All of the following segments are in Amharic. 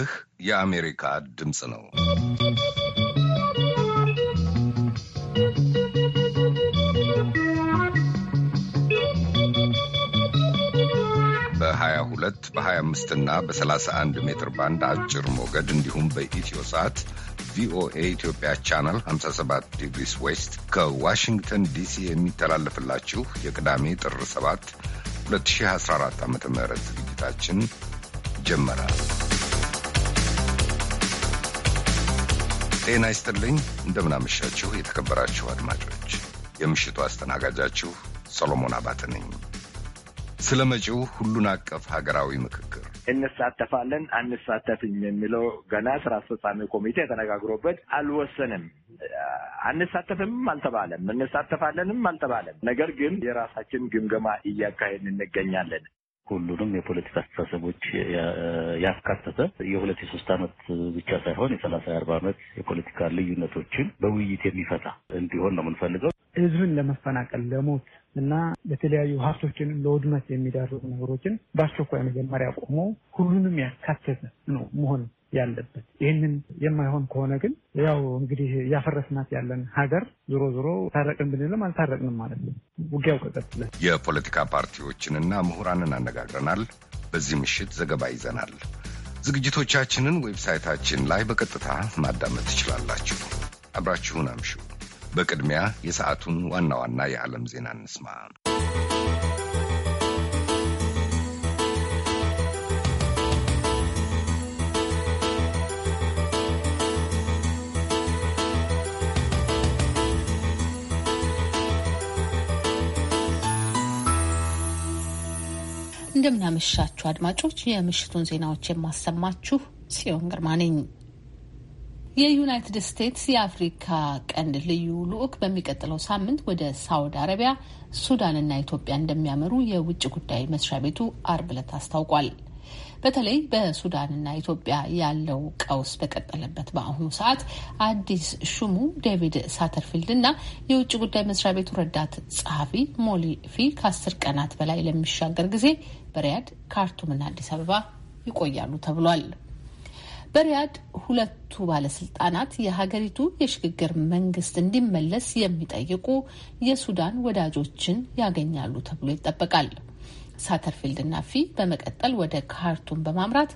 ይህ የአሜሪካ ድምፅ ነው። በ22 በ25 እና በ31 ሜትር ባንድ አጭር ሞገድ እንዲሁም በኢትዮ ሰዓት ቪኦኤ ኢትዮጵያ ቻናል 57 ዲግሪስ ዌስት ከዋሽንግተን ዲሲ የሚተላለፍላችሁ የቅዳሜ ጥር 7 2014 ዓ ም ዝግጅታችን ጀመራል። ጤና ይስጥልኝ። እንደምናመሻችሁ የተከበራችሁ አድማጮች፣ የምሽቱ አስተናጋጃችሁ ሰሎሞን አባተ ነኝ። ስለ መጪው ሁሉን አቀፍ ሀገራዊ ምክክር እንሳተፋለን አንሳተፍም የሚለው ገና ስራ አስፈጻሚ ኮሚቴ ተነጋግሮበት አልወሰንም። አንሳተፍምም አልተባለም፣ እንሳተፋለንም አልተባለም። ነገር ግን የራሳችን ግምገማ እያካሄድን እንገኛለን። ሁሉንም የፖለቲካ አስተሳሰቦች ያካተተ የሁለት የሶስት ዓመት ብቻ ሳይሆን የሰላሳ የአርባ ዓመት የፖለቲካ ልዩነቶችን በውይይት የሚፈታ እንዲሆን ነው የምንፈልገው። ህዝብን ለመፈናቀል ለሞት እና ለተለያዩ ሀብቶችን ለውድመት የሚዳርጉ ነገሮችን በአስቸኳይ መጀመሪያ ቆሞ ሁሉንም ያካተተ ነው መሆን ያለበት። ይህንን የማይሆን ከሆነ ግን ያው እንግዲህ እያፈረስናት ያለን ሀገር ዞሮ ዞሮ ታረቅን ብንልም አልታረቅንም ማለት ነው። ውጊያው ከቀጥለ የፖለቲካ ፓርቲዎችንና ምሁራንን አነጋግረናል። በዚህ ምሽት ዘገባ ይዘናል። ዝግጅቶቻችንን ዌብሳይታችን ላይ በቀጥታ ማዳመጥ ትችላላችሁ። አብራችሁን አምሹ። በቅድሚያ የሰዓቱን ዋና ዋና የዓለም ዜና እንስማ። እንደምናመሻችሁ አድማጮች፣ የምሽቱን ዜናዎች የማሰማችሁ ሲዮን ግርማ ነኝ። የዩናይትድ ስቴትስ የአፍሪካ ቀንድ ልዩ ልዑክ በሚቀጥለው ሳምንት ወደ ሳውዲ አረቢያ፣ ሱዳንና ኢትዮጵያ እንደሚያመሩ የውጭ ጉዳይ መስሪያ ቤቱ አርብ ዕለት አስታውቋል። በተለይ በሱዳንና ኢትዮጵያ ያለው ቀውስ በቀጠለበት በአሁኑ ሰዓት አዲስ ሹሙ ዴቪድ ሳተርፊልድ እና የውጭ ጉዳይ መስሪያ ቤቱ ረዳት ጸሐፊ ሞሊፊ ከአስር ቀናት በላይ ለሚሻገር ጊዜ በሪያድ ካርቱምና አዲስ አበባ ይቆያሉ ተብሏል። በሪያድ ሁለቱ ባለስልጣናት የሀገሪቱ የሽግግር መንግስት እንዲመለስ የሚጠይቁ የሱዳን ወዳጆችን ያገኛሉ ተብሎ ይጠበቃል። ሳተርፊልድና ፊ በመቀጠል ወደ ካርቱም በማምራት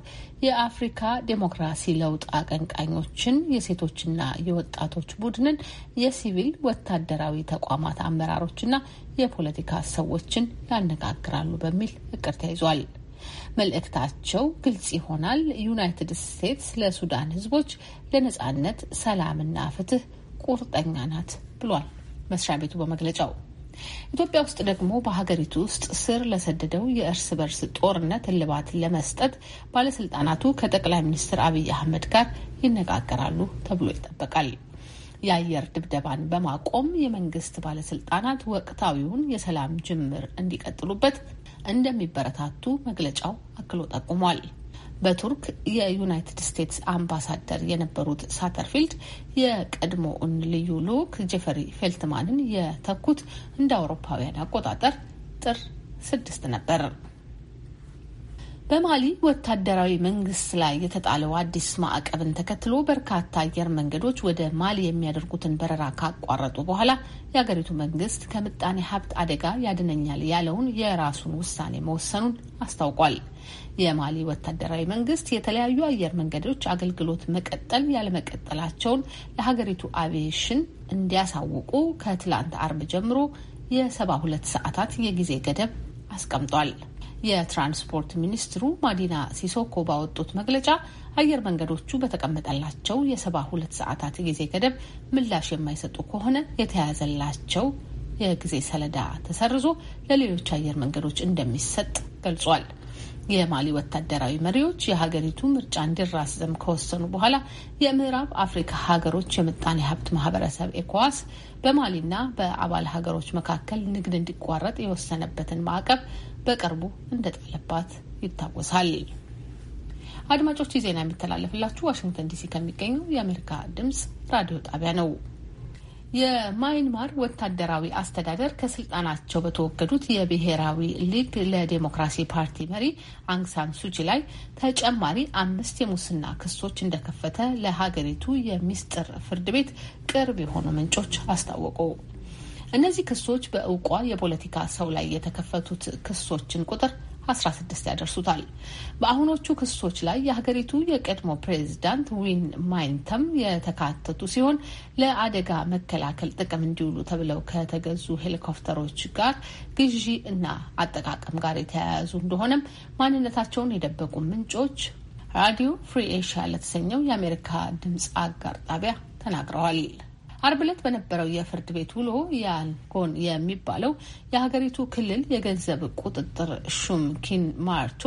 የአፍሪካ ዴሞክራሲ ለውጥ አቀንቃኞችን የሴቶችና የወጣቶች ቡድንን የሲቪል ወታደራዊ ተቋማት አመራሮችና የፖለቲካ ሰዎችን ያነጋግራሉ በሚል እቅድ ተይዟል። መልእክታቸው ግልጽ ይሆናል። ዩናይትድ ስቴትስ ለሱዳን ሕዝቦች ለነጻነት፣ ሰላምና ፍትህ ቁርጠኛ ናት ብሏል መስሪያ ቤቱ በመግለጫው። ኢትዮጵያ ውስጥ ደግሞ በሀገሪቱ ውስጥ ስር ለሰደደው የእርስ በርስ ጦርነት እልባት ለመስጠት ባለስልጣናቱ ከጠቅላይ ሚኒስትር አብይ አህመድ ጋር ይነጋገራሉ ተብሎ ይጠበቃል። የአየር ድብደባን በማቆም የመንግስት ባለስልጣናት ወቅታዊውን የሰላም ጅምር እንዲቀጥሉበት እንደሚበረታቱ መግለጫው አክሎ ጠቁሟል። በቱርክ የዩናይትድ ስቴትስ አምባሳደር የነበሩት ሳተርፊልድ የቀድሞውን ልዩ ልዑክ ጄፈሪ ፌልትማንን የተኩት እንደ አውሮፓውያን አቆጣጠር ጥር ስድስት ነበር። በማሊ ወታደራዊ መንግስት ላይ የተጣለው አዲስ ማዕቀብን ተከትሎ በርካታ አየር መንገዶች ወደ ማሊ የሚያደርጉትን በረራ ካቋረጡ በኋላ የአገሪቱ መንግስት ከምጣኔ ሀብት አደጋ ያድነኛል ያለውን የራሱን ውሳኔ መወሰኑን አስታውቋል። የማሊ ወታደራዊ መንግስት የተለያዩ አየር መንገዶች አገልግሎት መቀጠል ያለመቀጠላቸውን ለሀገሪቱ አቪዬሽን እንዲያሳውቁ ከትላንት አርብ ጀምሮ የሰባ ሁለት ሰዓታት የጊዜ ገደብ አስቀምጧል። የትራንስፖርት ሚኒስትሩ ማዲና ሲሶኮ ባወጡት መግለጫ አየር መንገዶቹ በተቀመጠላቸው የሰባ ሁለት ሰዓታት ጊዜ ገደብ ምላሽ የማይሰጡ ከሆነ የተያዘላቸው የጊዜ ሰሌዳ ተሰርዞ ለሌሎች አየር መንገዶች እንደሚሰጥ ገልጿል። የማሊ ወታደራዊ መሪዎች የሀገሪቱ ምርጫ እንዲራዘም ከወሰኑ በኋላ የምዕራብ አፍሪካ ሀገሮች የምጣኔ ሀብት ማህበረሰብ ኤኮዋስ በማሊና በአባል ሀገሮች መካከል ንግድ እንዲቋረጥ የወሰነበትን ማዕቀብ በቅርቡ እንደጣለባት ይታወሳል። አድማጮች ዜና የሚተላለፍላችሁ ዋሽንግተን ዲሲ ከሚገኘው የአሜሪካ ድምጽ ራዲዮ ጣቢያ ነው። የማይንማር ወታደራዊ አስተዳደር ከስልጣናቸው በተወገዱት የብሔራዊ ሊግ ለዴሞክራሲ ፓርቲ መሪ አንግሳን ሱቺ ላይ ተጨማሪ አምስት የሙስና ክሶች እንደከፈተ ለሀገሪቱ የሚስጥር ፍርድ ቤት ቅርብ የሆኑ ምንጮች አስታወቁ። እነዚህ ክሶች በእውቋ የፖለቲካ ሰው ላይ የተከፈቱት ክሶችን ቁጥር 16 ያደርሱታል። በአሁኖቹ ክሶች ላይ የሀገሪቱ የቀድሞ ፕሬዚዳንት ዊን ማይንተም የተካተቱ ሲሆን ለአደጋ መከላከል ጥቅም እንዲውሉ ተብለው ከተገዙ ሄሊኮፕተሮች ጋር ግዢ እና አጠቃቀም ጋር የተያያዙ እንደሆነም ማንነታቸውን የደበቁ ምንጮች ራዲዮ ፍሪ ኤሽያ ለተሰኘው የአሜሪካ ድምፅ አጋር ጣቢያ ተናግረዋል። አርብ ዕለት በነበረው የፍርድ ቤት ውሎ ያንጎን የሚባለው የሀገሪቱ ክልል የገንዘብ ቁጥጥር ሹም ኪን ማርቶ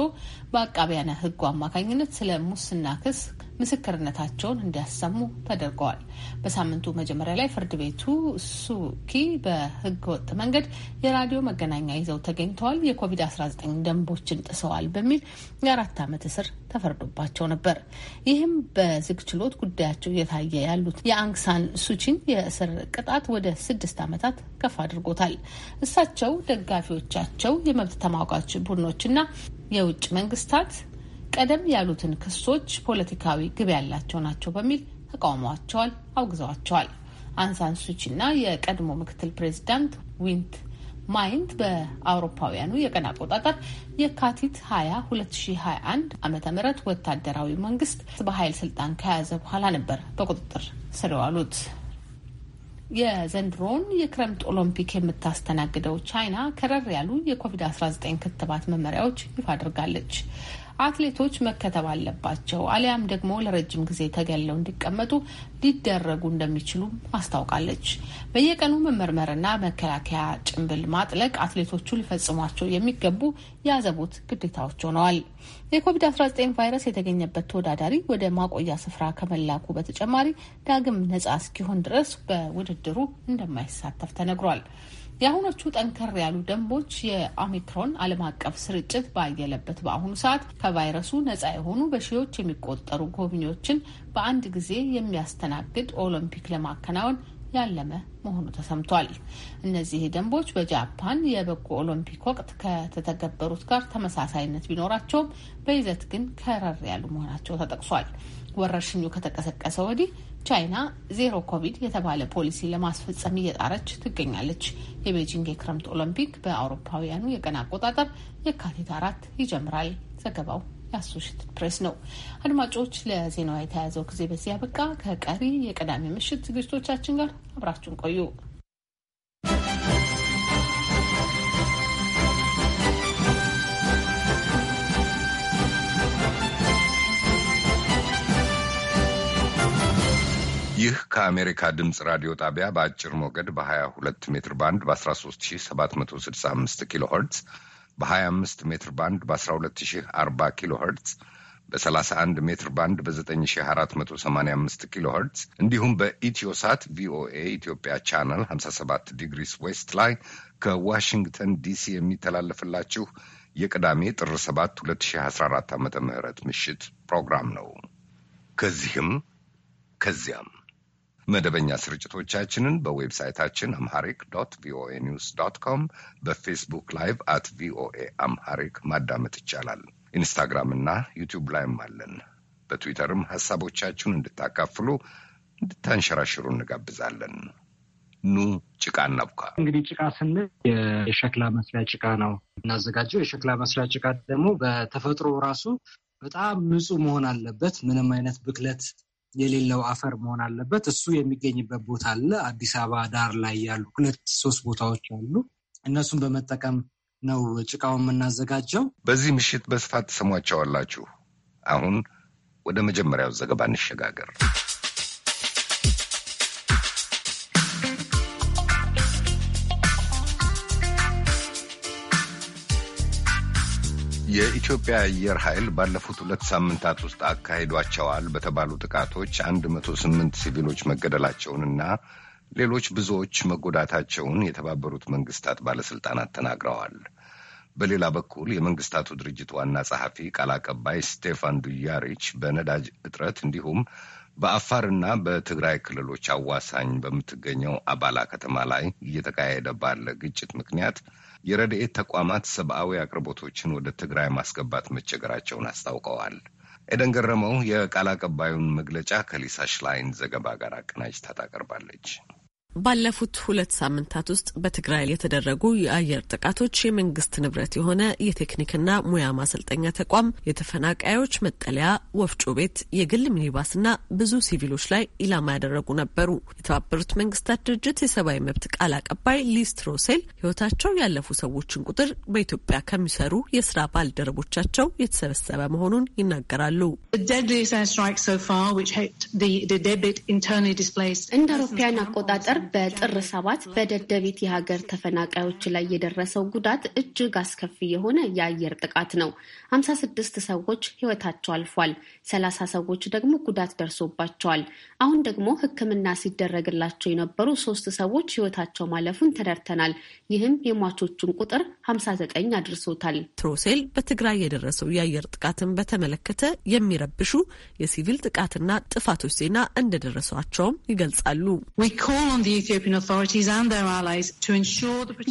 በአቃቢያነ ሕጉ አማካኝነት ስለ ሙስና ክስ ምስክርነታቸውን እንዲያሰሙ ተደርገዋል። በሳምንቱ መጀመሪያ ላይ ፍርድ ቤቱ ሱኪ በህገወጥ መንገድ የራዲዮ መገናኛ ይዘው ተገኝተዋል፣ የኮቪድ-19 ደንቦችን ጥሰዋል በሚል የአራት ዓመት እስር ተፈርዶባቸው ነበር። ይህም በዝግ ችሎት ጉዳያቸው እየታየ ያሉት የአንግሳን ሱቺን የእስር ቅጣት ወደ ስድስት ዓመታት ከፍ አድርጎታል። እሳቸው ደጋፊዎቻቸው፣ የመብት ተሟጋች ቡድኖችና የውጭ መንግስታት ቀደም ያሉትን ክሶች ፖለቲካዊ ግብ ያላቸው ናቸው በሚል ተቃውመዋቸዋል፣ አውግዘዋቸዋል። አንሳን ና የቀድሞ ምክትል ፕሬዚዳንት ዊንት ማይንት በአውሮፓውያኑ የቀን አቆጣጠር የካቲት 20 2021 ዓ ም ወታደራዊ መንግስት በኃይል ስልጣን ከያዘ በኋላ ነበር በቁጥጥር ስር የዋሉት። የዘንድሮውን የክረምት ኦሎምፒክ የምታስተናግደው ቻይና ከረር ያሉ የኮቪድ-19 ክትባት መመሪያዎች ይፋ አድርጋለች። አትሌቶች መከተብ አለባቸው አሊያም ደግሞ ለረጅም ጊዜ ተገለው እንዲቀመጡ ሊደረጉ እንደሚችሉ አስታውቃለች። በየቀኑ መመርመርና መከላከያ ጭንብል ማጥለቅ አትሌቶቹ ሊፈጽሟቸው የሚገቡ የያዘቡት ግዴታዎች ሆነዋል። የኮቪድ-19 ቫይረስ የተገኘበት ተወዳዳሪ ወደ ማቆያ ስፍራ ከመላኩ በተጨማሪ ዳግም ነጻ እስኪሆን ድረስ በውድድሩ እንደማይሳተፍ ተነግሯል። የአሁኖቹ ጠንከር ያሉ ደንቦች የኦሚክሮን ዓለም አቀፍ ስርጭት ባየለበት በአሁኑ ሰዓት ከቫይረሱ ነጻ የሆኑ በሺዎች የሚቆጠሩ ጎብኚዎችን በአንድ ጊዜ የሚያስተናግድ ኦሎምፒክ ለማከናወን ያለመ መሆኑ ተሰምቷል። እነዚህ ደንቦች በጃፓን የበጎ ኦሎምፒክ ወቅት ከተተገበሩት ጋር ተመሳሳይነት ቢኖራቸውም በይዘት ግን ከረር ያሉ መሆናቸው ተጠቅሷል። ወረርሽኙ ከተቀሰቀሰ ወዲህ ቻይና ዜሮ ኮቪድ የተባለ ፖሊሲ ለማስፈጸም እየጣረች ትገኛለች። የቤጂንግ የክረምት ኦሎምፒክ በአውሮፓውያኑ የቀን አቆጣጠር የካቲት አራት ይጀምራል። ዘገባው የአሶሽትድ ፕሬስ ነው። አድማጮች፣ ለዜናዋ የተያዘው ጊዜ በዚህ አበቃ። ከቀሪ የቅዳሜ ምሽት ዝግጅቶቻችን ጋር አብራችሁን ቆዩ። ይህ ከአሜሪካ ድምፅ ራዲዮ ጣቢያ በአጭር ሞገድ በ22 ሜትር ባንድ በ13765 ኪሎ ኸርትዝ በ25 ሜትር ባንድ በ12040 ኪሎ ሄርትዝ በ31 ሜትር ባንድ በ9485 ኪሎ ሄርትዝ እንዲሁም በኢትዮሳት ቪኦኤ ኢትዮጵያ ቻናል 57 ዲግሪስ ዌስት ላይ ከዋሽንግተን ዲሲ የሚተላለፍላችሁ የቅዳሜ ጥር 7 2014 ዓ ም ምሽት ፕሮግራም ነው። ከዚህም ከዚያም መደበኛ ስርጭቶቻችንን በዌብሳይታችን አምሃሪክ ዶት ቪኦኤ ኒውስ ዶት ኮም፣ በፌስቡክ ላይቭ አት ቪኦኤ አምሃሪክ ማዳመጥ ይቻላል። ኢንስታግራም እና ዩቲዩብ ላይም አለን። በትዊተርም ሀሳቦቻችሁን እንድታካፍሉ እንድታንሸራሽሩ እንጋብዛለን። ኑ ጭቃ እናብኳ። እንግዲህ ጭቃ ስንል የሸክላ መስሪያ ጭቃ ነው እናዘጋጀው። የሸክላ መስሪያ ጭቃ ደግሞ በተፈጥሮ ራሱ በጣም ንጹህ መሆን አለበት። ምንም አይነት ብክለት የሌለው አፈር መሆን አለበት። እሱ የሚገኝበት ቦታ አለ። አዲስ አበባ ዳር ላይ ያሉ ሁለት ሶስት ቦታዎች አሉ። እነሱን በመጠቀም ነው ጭቃውን የምናዘጋጀው። በዚህ ምሽት በስፋት ትሰሟቸዋላችሁ። አሁን ወደ መጀመሪያው ዘገባ እንሸጋገር። የኢትዮጵያ አየር ኃይል ባለፉት ሁለት ሳምንታት ውስጥ አካሂዷቸዋል በተባሉ ጥቃቶች 108 ሲቪሎች መገደላቸውንና ሌሎች ብዙዎች መጎዳታቸውን የተባበሩት መንግስታት ባለስልጣናት ተናግረዋል። በሌላ በኩል የመንግስታቱ ድርጅት ዋና ጸሐፊ ቃል አቀባይ ስቴፋን ዱያሪች በነዳጅ እጥረት እንዲሁም በአፋርና በትግራይ ክልሎች አዋሳኝ በምትገኘው አባላ ከተማ ላይ እየተካሄደ ባለ ግጭት ምክንያት የረድኤት ተቋማት ሰብአዊ አቅርቦቶችን ወደ ትግራይ ማስገባት መቸገራቸውን አስታውቀዋል። ኤደን ገረመው የቃል አቀባዩን መግለጫ ከሊሳ ሽላይን ዘገባ ጋር አቀናጅታ ታቀርባለች። ባለፉት ሁለት ሳምንታት ውስጥ በትግራይ የተደረጉ የአየር ጥቃቶች የመንግስት ንብረት የሆነ የቴክኒክና ሙያ ማሰልጠኛ ተቋም፣ የተፈናቃዮች መጠለያ፣ ወፍጮ ቤት፣ የግል ሚኒባስና ብዙ ሲቪሎች ላይ ኢላማ ያደረጉ ነበሩ። የተባበሩት መንግስታት ድርጅት የሰብአዊ መብት ቃል አቀባይ ሊስትሮሴል ህይወታቸው ያለፉ ሰዎችን ቁጥር በኢትዮጵያ ከሚሰሩ የስራ ባልደረቦቻቸው የተሰበሰበ መሆኑን ይናገራሉ። እንደ አውሮፓውያን አቆጣጠር በጥር ሰባት በደደቢት የሀገር ተፈናቃዮች ላይ የደረሰው ጉዳት እጅግ አስከፊ የሆነ የአየር ጥቃት ነው። 56 ስድስት ሰዎች ህይወታቸው አልፏል። ሰላሳ ሰዎች ደግሞ ጉዳት ደርሶባቸዋል። አሁን ደግሞ ሕክምና ሲደረግላቸው የነበሩ ሶስት ሰዎች ህይወታቸው ማለፉን ተረድተናል። ይህም የሟቾቹን ቁጥር 59 አድርሶታል። ትሮሴል በትግራይ የደረሰው የአየር ጥቃትን በተመለከተ የሚረብሹ የሲቪል ጥቃትና ጥፋቶች ዜና እንደደረሷቸውም ይገልጻሉ።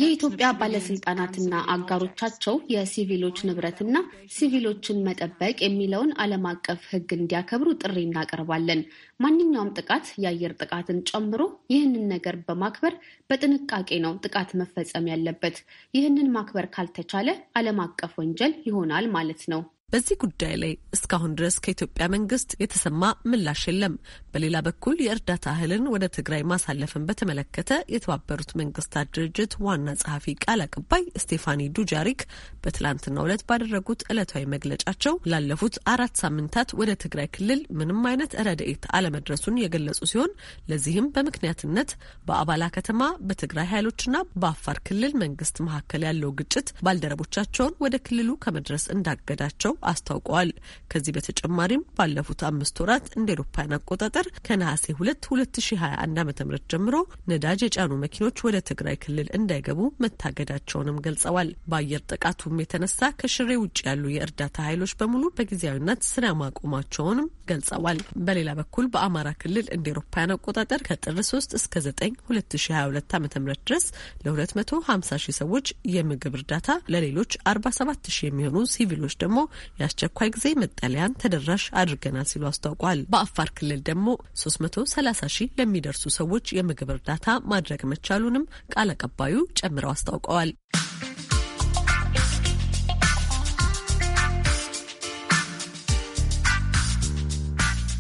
የኢትዮጵያ ባለስልጣናትና አጋሮቻቸው የሲቪሎች ንብረትና ሲቪሎችን መጠበቅ የሚለውን ዓለም አቀፍ ሕግ እንዲያከብሩ ጥሪ እናቀርባለን። ማንኛውም ጥቃት የአየር ጥቃትን ጨምሮ ይህንን ነገር በማክበር በጥንቃቄ ነው ጥቃት መፈጸም ያለበት። ይህንን ማክበር ካልተቻለ ዓለም አቀፍ ወንጀል ይሆናል ማለት ነው። በዚህ ጉዳይ ላይ እስካሁን ድረስ ከኢትዮጵያ መንግስት የተሰማ ምላሽ የለም። በሌላ በኩል የእርዳታ እህልን ወደ ትግራይ ማሳለፍን በተመለከተ የተባበሩት መንግስታት ድርጅት ዋና ጸሐፊ ቃል አቀባይ ስቴፋኒ ዱጃሪክ በትላንትናው ዕለት ባደረጉት ዕለታዊ መግለጫቸው ላለፉት አራት ሳምንታት ወደ ትግራይ ክልል ምንም አይነት ረድኤት አለመድረሱን የገለጹ ሲሆን ለዚህም በምክንያትነት በአባላ ከተማ በትግራይ ኃይሎችና በአፋር ክልል መንግስት መካከል ያለው ግጭት ባልደረቦቻቸውን ወደ ክልሉ ከመድረስ እንዳገዳቸው አስታውቀዋል። ከዚህ በተጨማሪም ባለፉት አምስት ወራት እንደ ኤሮፓያን አቆጣጠር ከነሐሴ ሁለት ሁለት ሺ ሀያ አንድ ዓመተ ምህረት ጀምሮ ነዳጅ የጫኑ መኪኖች ወደ ትግራይ ክልል እንዳይገቡ መታገዳቸውንም ገልጸዋል። በአየር ጥቃቱም የተነሳ ከሽሬ ውጭ ያሉ የእርዳታ ኃይሎች በሙሉ በጊዜያዊነት ስራ ማቆማቸውንም ገልጸዋል። በሌላ በኩል በአማራ ክልል እንደ ኤሮፓያን አቆጣጠር ከጥር 3 እስከ 9 2022 ዓ ም ድረስ ለ250 ሺህ ሰዎች የምግብ እርዳታ ለሌሎች 47 ሺህ የሚሆኑ ሲቪሎች ደግሞ የአስቸኳይ ጊዜ መጠለያን ተደራሽ አድርገናል ሲሉ አስታውቋል። በአፋር ክልል ደግሞ 330 ሺህ ለሚደርሱ ሰዎች የምግብ እርዳታ ማድረግ መቻሉንም ቃል አቀባዩ ጨምረው አስታውቀዋል።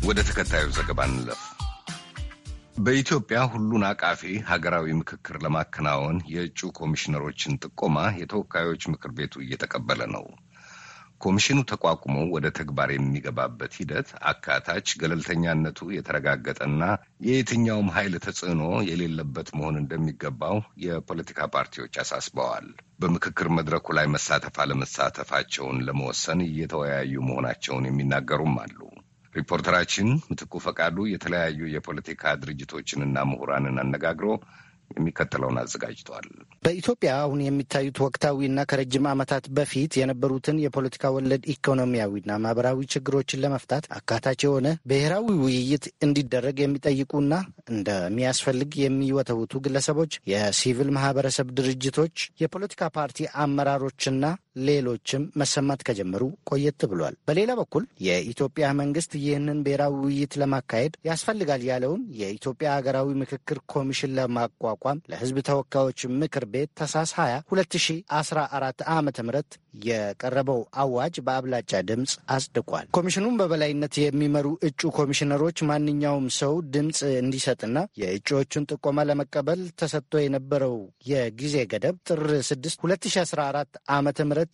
ወደ ተከታዩ ዘገባ እንለፍ። በኢትዮጵያ ሁሉን አቃፊ ሀገራዊ ምክክር ለማከናወን የእጩ ኮሚሽነሮችን ጥቆማ የተወካዮች ምክር ቤቱ እየተቀበለ ነው። ኮሚሽኑ ተቋቁሞ ወደ ተግባር የሚገባበት ሂደት አካታች፣ ገለልተኛነቱ የተረጋገጠና የየትኛውም ኃይል ተጽዕኖ የሌለበት መሆን እንደሚገባው የፖለቲካ ፓርቲዎች አሳስበዋል። በምክክር መድረኩ ላይ መሳተፍ አለመሳተፋቸውን ለመወሰን እየተወያዩ መሆናቸውን የሚናገሩም አሉ። ሪፖርተራችን ምትኩ ፈቃዱ የተለያዩ የፖለቲካ ድርጅቶችንና ምሁራንን አነጋግሮ የሚከተለውን አዘጋጅተዋል። በኢትዮጵያ አሁን የሚታዩት ወቅታዊና ከረጅም ዓመታት በፊት የነበሩትን የፖለቲካ ወለድ ኢኮኖሚያዊና ማህበራዊ ችግሮችን ለመፍታት አካታች የሆነ ብሔራዊ ውይይት እንዲደረግ የሚጠይቁና እንደሚያስፈልግ የሚወተውቱ ግለሰቦች፣ የሲቪል ማህበረሰብ ድርጅቶች፣ የፖለቲካ ፓርቲ አመራሮችና ሌሎችም መሰማት ከጀመሩ ቆየት ብሏል። በሌላ በኩል የኢትዮጵያ መንግስት ይህንን ብሔራዊ ውይይት ለማካሄድ ያስፈልጋል ያለውን የኢትዮጵያ ሀገራዊ ምክክር ኮሚሽን ለማቋ አቋም ለሕዝብ ተወካዮች ምክር ቤት ታህሳስ 20 2014 ዓ ም የቀረበው አዋጅ በአብላጫ ድምፅ አጽድቋል። ኮሚሽኑን በበላይነት የሚመሩ እጩ ኮሚሽነሮች ማንኛውም ሰው ድምፅ እንዲሰጥና የእጩዎቹን ጥቆማ ለመቀበል ተሰጥቶ የነበረው የጊዜ ገደብ ጥር 6 2014 ዓ ም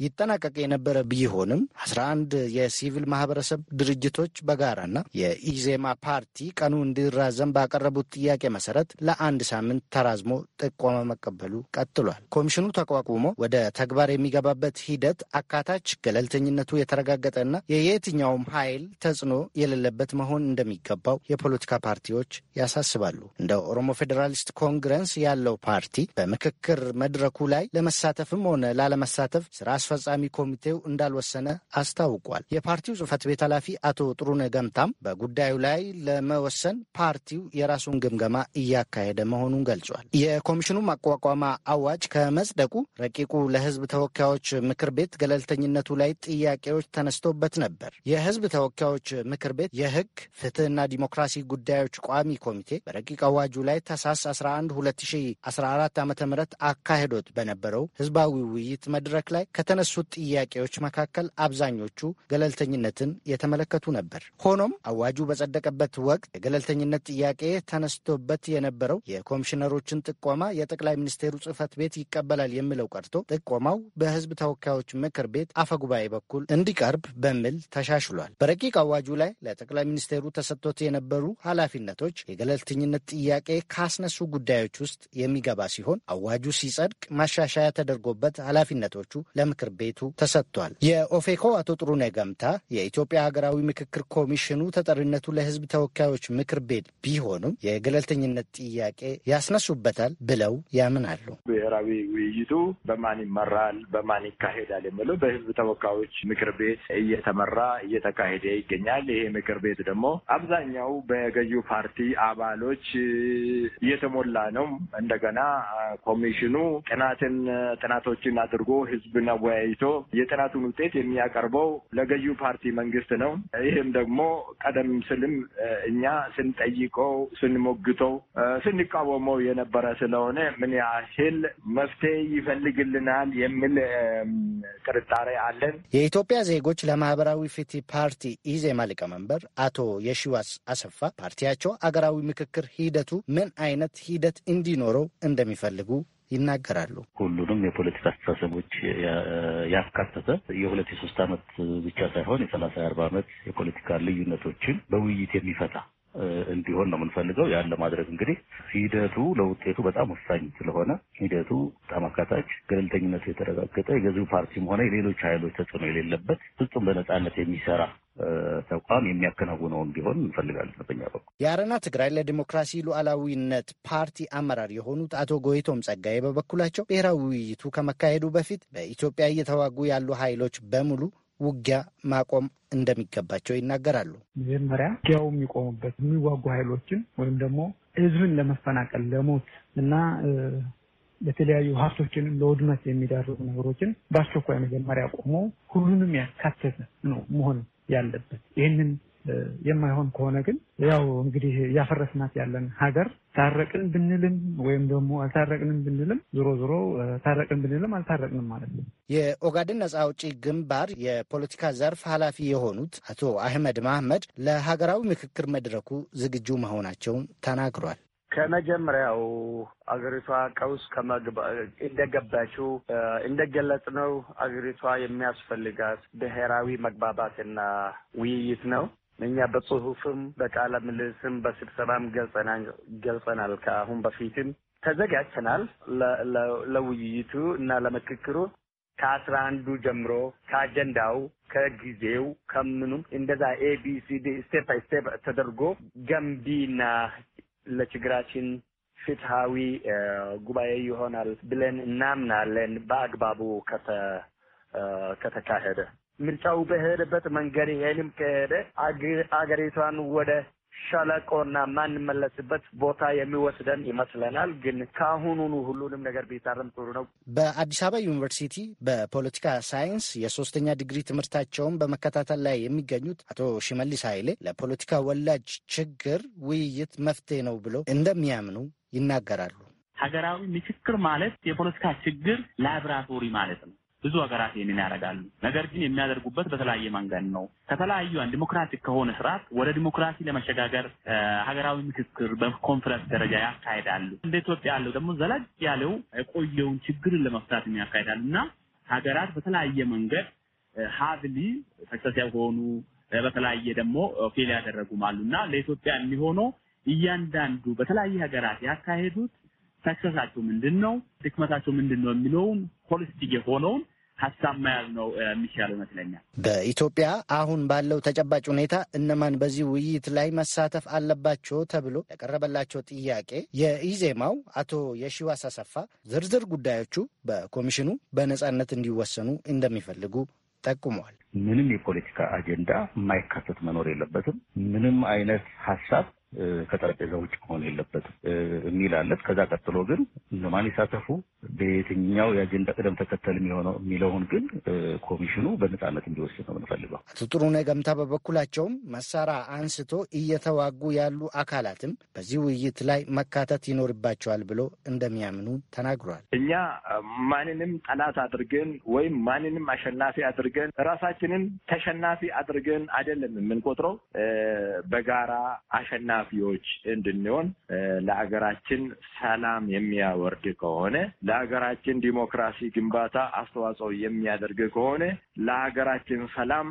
ይጠናቀቅ የነበረ ቢሆንም 11 የሲቪል ማህበረሰብ ድርጅቶች በጋራና የኢዜማ ፓርቲ ቀኑ እንዲራዘም ባቀረቡት ጥያቄ መሰረት ለአንድ ሳምንት ተራዝሞ ጥቆማ መቀበሉ ቀጥሏል። ኮሚሽኑ ተቋቁሞ ወደ ተግባር የሚገባበት ሂደት ሂደት አካታች፣ ገለልተኝነቱ የተረጋገጠና የየትኛውም ኃይል ተጽዕኖ የሌለበት መሆን እንደሚገባው የፖለቲካ ፓርቲዎች ያሳስባሉ። እንደ ኦሮሞ ፌዴራሊስት ኮንግረስ ያለው ፓርቲ በምክክር መድረኩ ላይ ለመሳተፍም ሆነ ላለመሳተፍ ስራ አስፈጻሚ ኮሚቴው እንዳልወሰነ አስታውቋል። የፓርቲው ጽህፈት ቤት ኃላፊ አቶ ጥሩነ ገምታም በጉዳዩ ላይ ለመወሰን ፓርቲው የራሱን ግምገማ እያካሄደ መሆኑን ገልጿል። የኮሚሽኑ ማቋቋማ አዋጅ ከመጽደቁ ረቂቁ ለህዝብ ተወካዮች ምክር ቤት ቤት ገለልተኝነቱ ላይ ጥያቄዎች ተነስቶበት ነበር። የህዝብ ተወካዮች ምክር ቤት የህግ ፍትህና ዲሞክራሲ ጉዳዮች ቋሚ ኮሚቴ በረቂቅ አዋጁ ላይ ታህሳስ 11 2014 ዓ ም አካሄዶት በነበረው ህዝባዊ ውይይት መድረክ ላይ ከተነሱት ጥያቄዎች መካከል አብዛኞቹ ገለልተኝነትን የተመለከቱ ነበር። ሆኖም አዋጁ በጸደቀበት ወቅት የገለልተኝነት ጥያቄ ተነስቶበት የነበረው የኮሚሽነሮችን ጥቆማ የጠቅላይ ሚኒስቴሩ ጽህፈት ቤት ይቀበላል የሚለው ቀርቶ ጥቆማው በህዝብ ተወካዮች ተወካዮች ምክር ቤት አፈ ጉባኤ በኩል እንዲቀርብ በሚል ተሻሽሏል። በረቂቅ አዋጁ ላይ ለጠቅላይ ሚኒስትሩ ተሰጥቶት የነበሩ ኃላፊነቶች የገለልተኝነት ጥያቄ ካስነሱ ጉዳዮች ውስጥ የሚገባ ሲሆን አዋጁ ሲጸድቅ ማሻሻያ ተደርጎበት ኃላፊነቶቹ ለምክር ቤቱ ተሰጥቷል። የኦፌኮ አቶ ጥሩኔ ገምታ የኢትዮጵያ ሀገራዊ ምክክር ኮሚሽኑ ተጠሪነቱ ለሕዝብ ተወካዮች ምክር ቤት ቢሆንም የገለልተኝነት ጥያቄ ያስነሱበታል ብለው ያምናሉ። ብሔራዊ ውይይቱ በማን ይመራል፣ በማን ይካሄዳል ይካሄዳል የሚለው በህዝብ ተወካዮች ምክር ቤት እየተመራ እየተካሄደ ይገኛል። ይሄ ምክር ቤት ደግሞ አብዛኛው በገዢው ፓርቲ አባሎች እየተሞላ ነው። እንደገና ኮሚሽኑ ጥናትን ጥናቶችን አድርጎ ህዝብን አወያይቶ የጥናቱን ውጤት የሚያቀርበው ለገዢው ፓርቲ መንግስት ነው። ይህም ደግሞ ቀደም ስልም እኛ ስንጠይቀው፣ ስንሞግተው፣ ስንቃወመው የነበረ ስለሆነ ምን ያህል መፍትሄ ይፈልግልናል የሚል ጥርጣሬ አለን። የኢትዮጵያ ዜጎች ለማህበራዊ ፍትህ ፓርቲ ኢዜማ ሊቀመንበር አቶ የሺዋስ አሰፋ ፓርቲያቸው አገራዊ ምክክር ሂደቱ ምን አይነት ሂደት እንዲኖረው እንደሚፈልጉ ይናገራሉ። ሁሉንም የፖለቲካ አስተሳሰቦች ያካተተ የሁለት የሶስት ዓመት ብቻ ሳይሆን የሰላሳ የአርባ ዓመት የፖለቲካ ልዩነቶችን በውይይት የሚፈታ እንዲሆን ነው የምንፈልገው። ያን ለማድረግ እንግዲህ ሂደቱ ለውጤቱ በጣም ወሳኝ ስለሆነ ሂደቱ በጣም አካታች፣ ገለልተኝነቱ የተረጋገጠ የገዢው ፓርቲም ሆነ የሌሎች ኃይሎች ተጽዕኖ የሌለበት ፍጹም በነፃነት የሚሰራ ተቋም የሚያከናውነው እንዲሆን እንፈልጋለን። በኛ በኩል የአረና ትግራይ ለዲሞክራሲ ሉዓላዊነት ፓርቲ አመራር የሆኑት አቶ ጎይቶም ጸጋዬ በበኩላቸው ብሔራዊ ውይይቱ ከመካሄዱ በፊት በኢትዮጵያ እየተዋጉ ያሉ ኃይሎች በሙሉ ውጊያ ማቆም እንደሚገባቸው ይናገራሉ። መጀመሪያ ውጊያው የሚቆሙበት የሚዋጉ ኃይሎችን ወይም ደግሞ ህዝብን ለመፈናቀል ለሞት እና ለተለያዩ ሀብቶችን ለውድመት የሚዳርጉ ነገሮችን በአስቸኳይ መጀመሪያ ቆሞ ሁሉንም ያካተተ ነው መሆን ያለበት። ይህንን የማይሆን ከሆነ ግን ያው እንግዲህ እያፈረስናት ያለን ሀገር ታረቅን ብንልም ወይም ደግሞ አልታረቅንም ብንልም ዞሮ ዞሮ ታረቅን ብንልም አልታረቅንም ማለት ነው። የኦጋድን ነጻ አውጪ ግንባር የፖለቲካ ዘርፍ ኃላፊ የሆኑት አቶ አህመድ ማህመድ ለሀገራዊ ምክክር መድረኩ ዝግጁ መሆናቸውን ተናግሯል። ከመጀመሪያው አገሪቷ ቀውስ እንደገባችው እንደገለጽ ነው። አገሪቷ የሚያስፈልጋት ብሔራዊ መግባባትና ውይይት ነው። እኛ በጽሁፍም በቃለ ምልልስም በስብሰባም ገልጸናል። ከአሁን በፊትም ተዘጋጅተናል ለውይይቱ እና ለምክክሩ ከአስራ አንዱ ጀምሮ ከአጀንዳው ከጊዜው ከምኑም እንደዛ ኤቢሲዲ ስቴፕ ባይ ስቴፕ ተደርጎ ገንቢና ለችግራችን ፍትሃዊ ጉባኤ ይሆናል ብለን እናምናለን በአግባቡ ከተካሄደ ምርጫው በሄደበት መንገድ ይህንም ከሄደ አገሪቷን ወደ ሸለቆና ማንመለስበት ቦታ የሚወስደን ይመስለናል። ግን ከአሁኑኑ ሁሉንም ነገር ቢታረም ጥሩ ነው። በአዲስ አበባ ዩኒቨርሲቲ በፖለቲካ ሳይንስ የሶስተኛ ዲግሪ ትምህርታቸውን በመከታተል ላይ የሚገኙት አቶ ሽመልስ ኃይሌ ለፖለቲካ ወላጅ ችግር ውይይት መፍትሄ ነው ብለው እንደሚያምኑ ይናገራሉ። ሀገራዊ ምክክር ማለት የፖለቲካ ችግር ላብራቶሪ ማለት ነው። ብዙ ሀገራት ይህንን ያደርጋሉ። ነገር ግን የሚያደርጉበት በተለያየ መንገድ ነው። ከተለያዩ ዲሞክራቲክ ከሆነ ስርዓት ወደ ዲሞክራሲ ለመሸጋገር ሀገራዊ ምክክር በኮንፈረንስ ደረጃ ያካሄዳሉ። እንደ ኢትዮጵያ ያለው ደግሞ ዘለግ ያለው የቆየውን ችግርን ለመፍታት ያካሄዳሉ እና ሀገራት በተለያየ መንገድ ሀብሊ ሰክሰስ የሆኑ በተለያየ ደግሞ ፌል ያደረጉም አሉ እና ለኢትዮጵያ የሚሆነው እያንዳንዱ በተለያየ ሀገራት ያካሄዱት ሰክሰሳቸው ምንድን ነው፣ ድክመታቸው ምንድን ነው የሚለውን ሆሊስቲክ የሆነውን ሀሳብ መያዝ ነው የሚሻለው ይመስለኛል። በኢትዮጵያ አሁን ባለው ተጨባጭ ሁኔታ እነማን በዚህ ውይይት ላይ መሳተፍ አለባቸው ተብሎ ያቀረበላቸው ጥያቄ የኢዜማው አቶ የሺዋስ አሰፋ ዝርዝር ጉዳዮቹ በኮሚሽኑ በነጻነት እንዲወሰኑ እንደሚፈልጉ ጠቁመዋል። ምንም የፖለቲካ አጀንዳ የማይካተት መኖር የለበትም። ምንም አይነት ሀሳብ ከጠረጴዛ ውጭ መሆን የለበትም የሚል ከዛ ቀጥሎ ግን እነማን ይሳተፉ በየትኛው የአጀንዳ ቅደም ተከተል የሚሆነው የሚለውን ግን ኮሚሽኑ በነፃነት እንዲወስድ ነው የምንፈልገው። አቶ ጥሩነህ ገምታ በበኩላቸውም መሳሪያ አንስቶ እየተዋጉ ያሉ አካላትም በዚህ ውይይት ላይ መካተት ይኖርባቸዋል ብሎ እንደሚያምኑ ተናግሯል። እኛ ማንንም ጠላት አድርገን ወይም ማንንም አሸናፊ አድርገን ራሳችንን ተሸናፊ አድርገን አይደለም የምንቆጥረው በጋራ አሸናፊ ኃላፊዎች እንድንሆን ለሀገራችን ሰላም የሚያወርድ ከሆነ ለሀገራችን ዲሞክራሲ ግንባታ አስተዋጽኦ የሚያደርግ ከሆነ ለሀገራችን ሰላም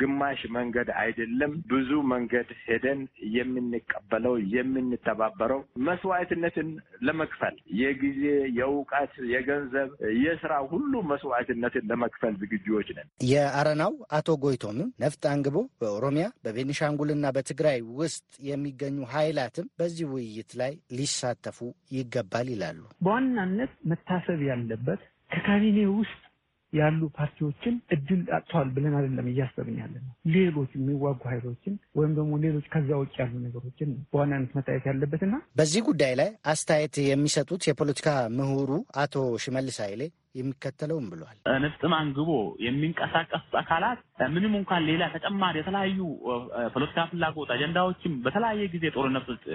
ግማሽ መንገድ አይደለም፣ ብዙ መንገድ ሄደን የምንቀበለው የምንተባበረው መስዋዕትነትን ለመክፈል የጊዜ፣ የእውቀት፣ የገንዘብ፣ የስራ ሁሉ መስዋዕትነትን ለመክፈል ዝግጁዎች ነን። የአረናው አቶ ጎይቶም ነፍጥ አንግቦ በኦሮሚያ በቤኒሻንጉልና በትግራይ ውስጥ የሚገኙ ኃይላትም በዚህ ውይይት ላይ ሊሳተፉ ይገባል ይላሉ። በዋናነት መታሰብ ያለበት ከካቢኔ ውስጥ ያሉ ፓርቲዎችን እድል አጥተዋል ብለን አይደለም እያሰብን ያለ ነው። ሌሎች የሚዋጉ ኃይሎችን ወይም ደግሞ ሌሎች ከዛ ውጭ ያሉ ነገሮችን በዋናነት መታየት ያለበትና በዚህ ጉዳይ ላይ አስተያየት የሚሰጡት የፖለቲካ ምሁሩ አቶ ሽመልስ ኃይሌ የሚከተለውም ብሏል። ነጥብ አንግቦ የሚንቀሳቀሱት አካላት ምንም እንኳን ሌላ ተጨማሪ የተለያዩ ፖለቲካ ፍላጎት አጀንዳዎችም በተለያየ ጊዜ ጦርነት ውስጥ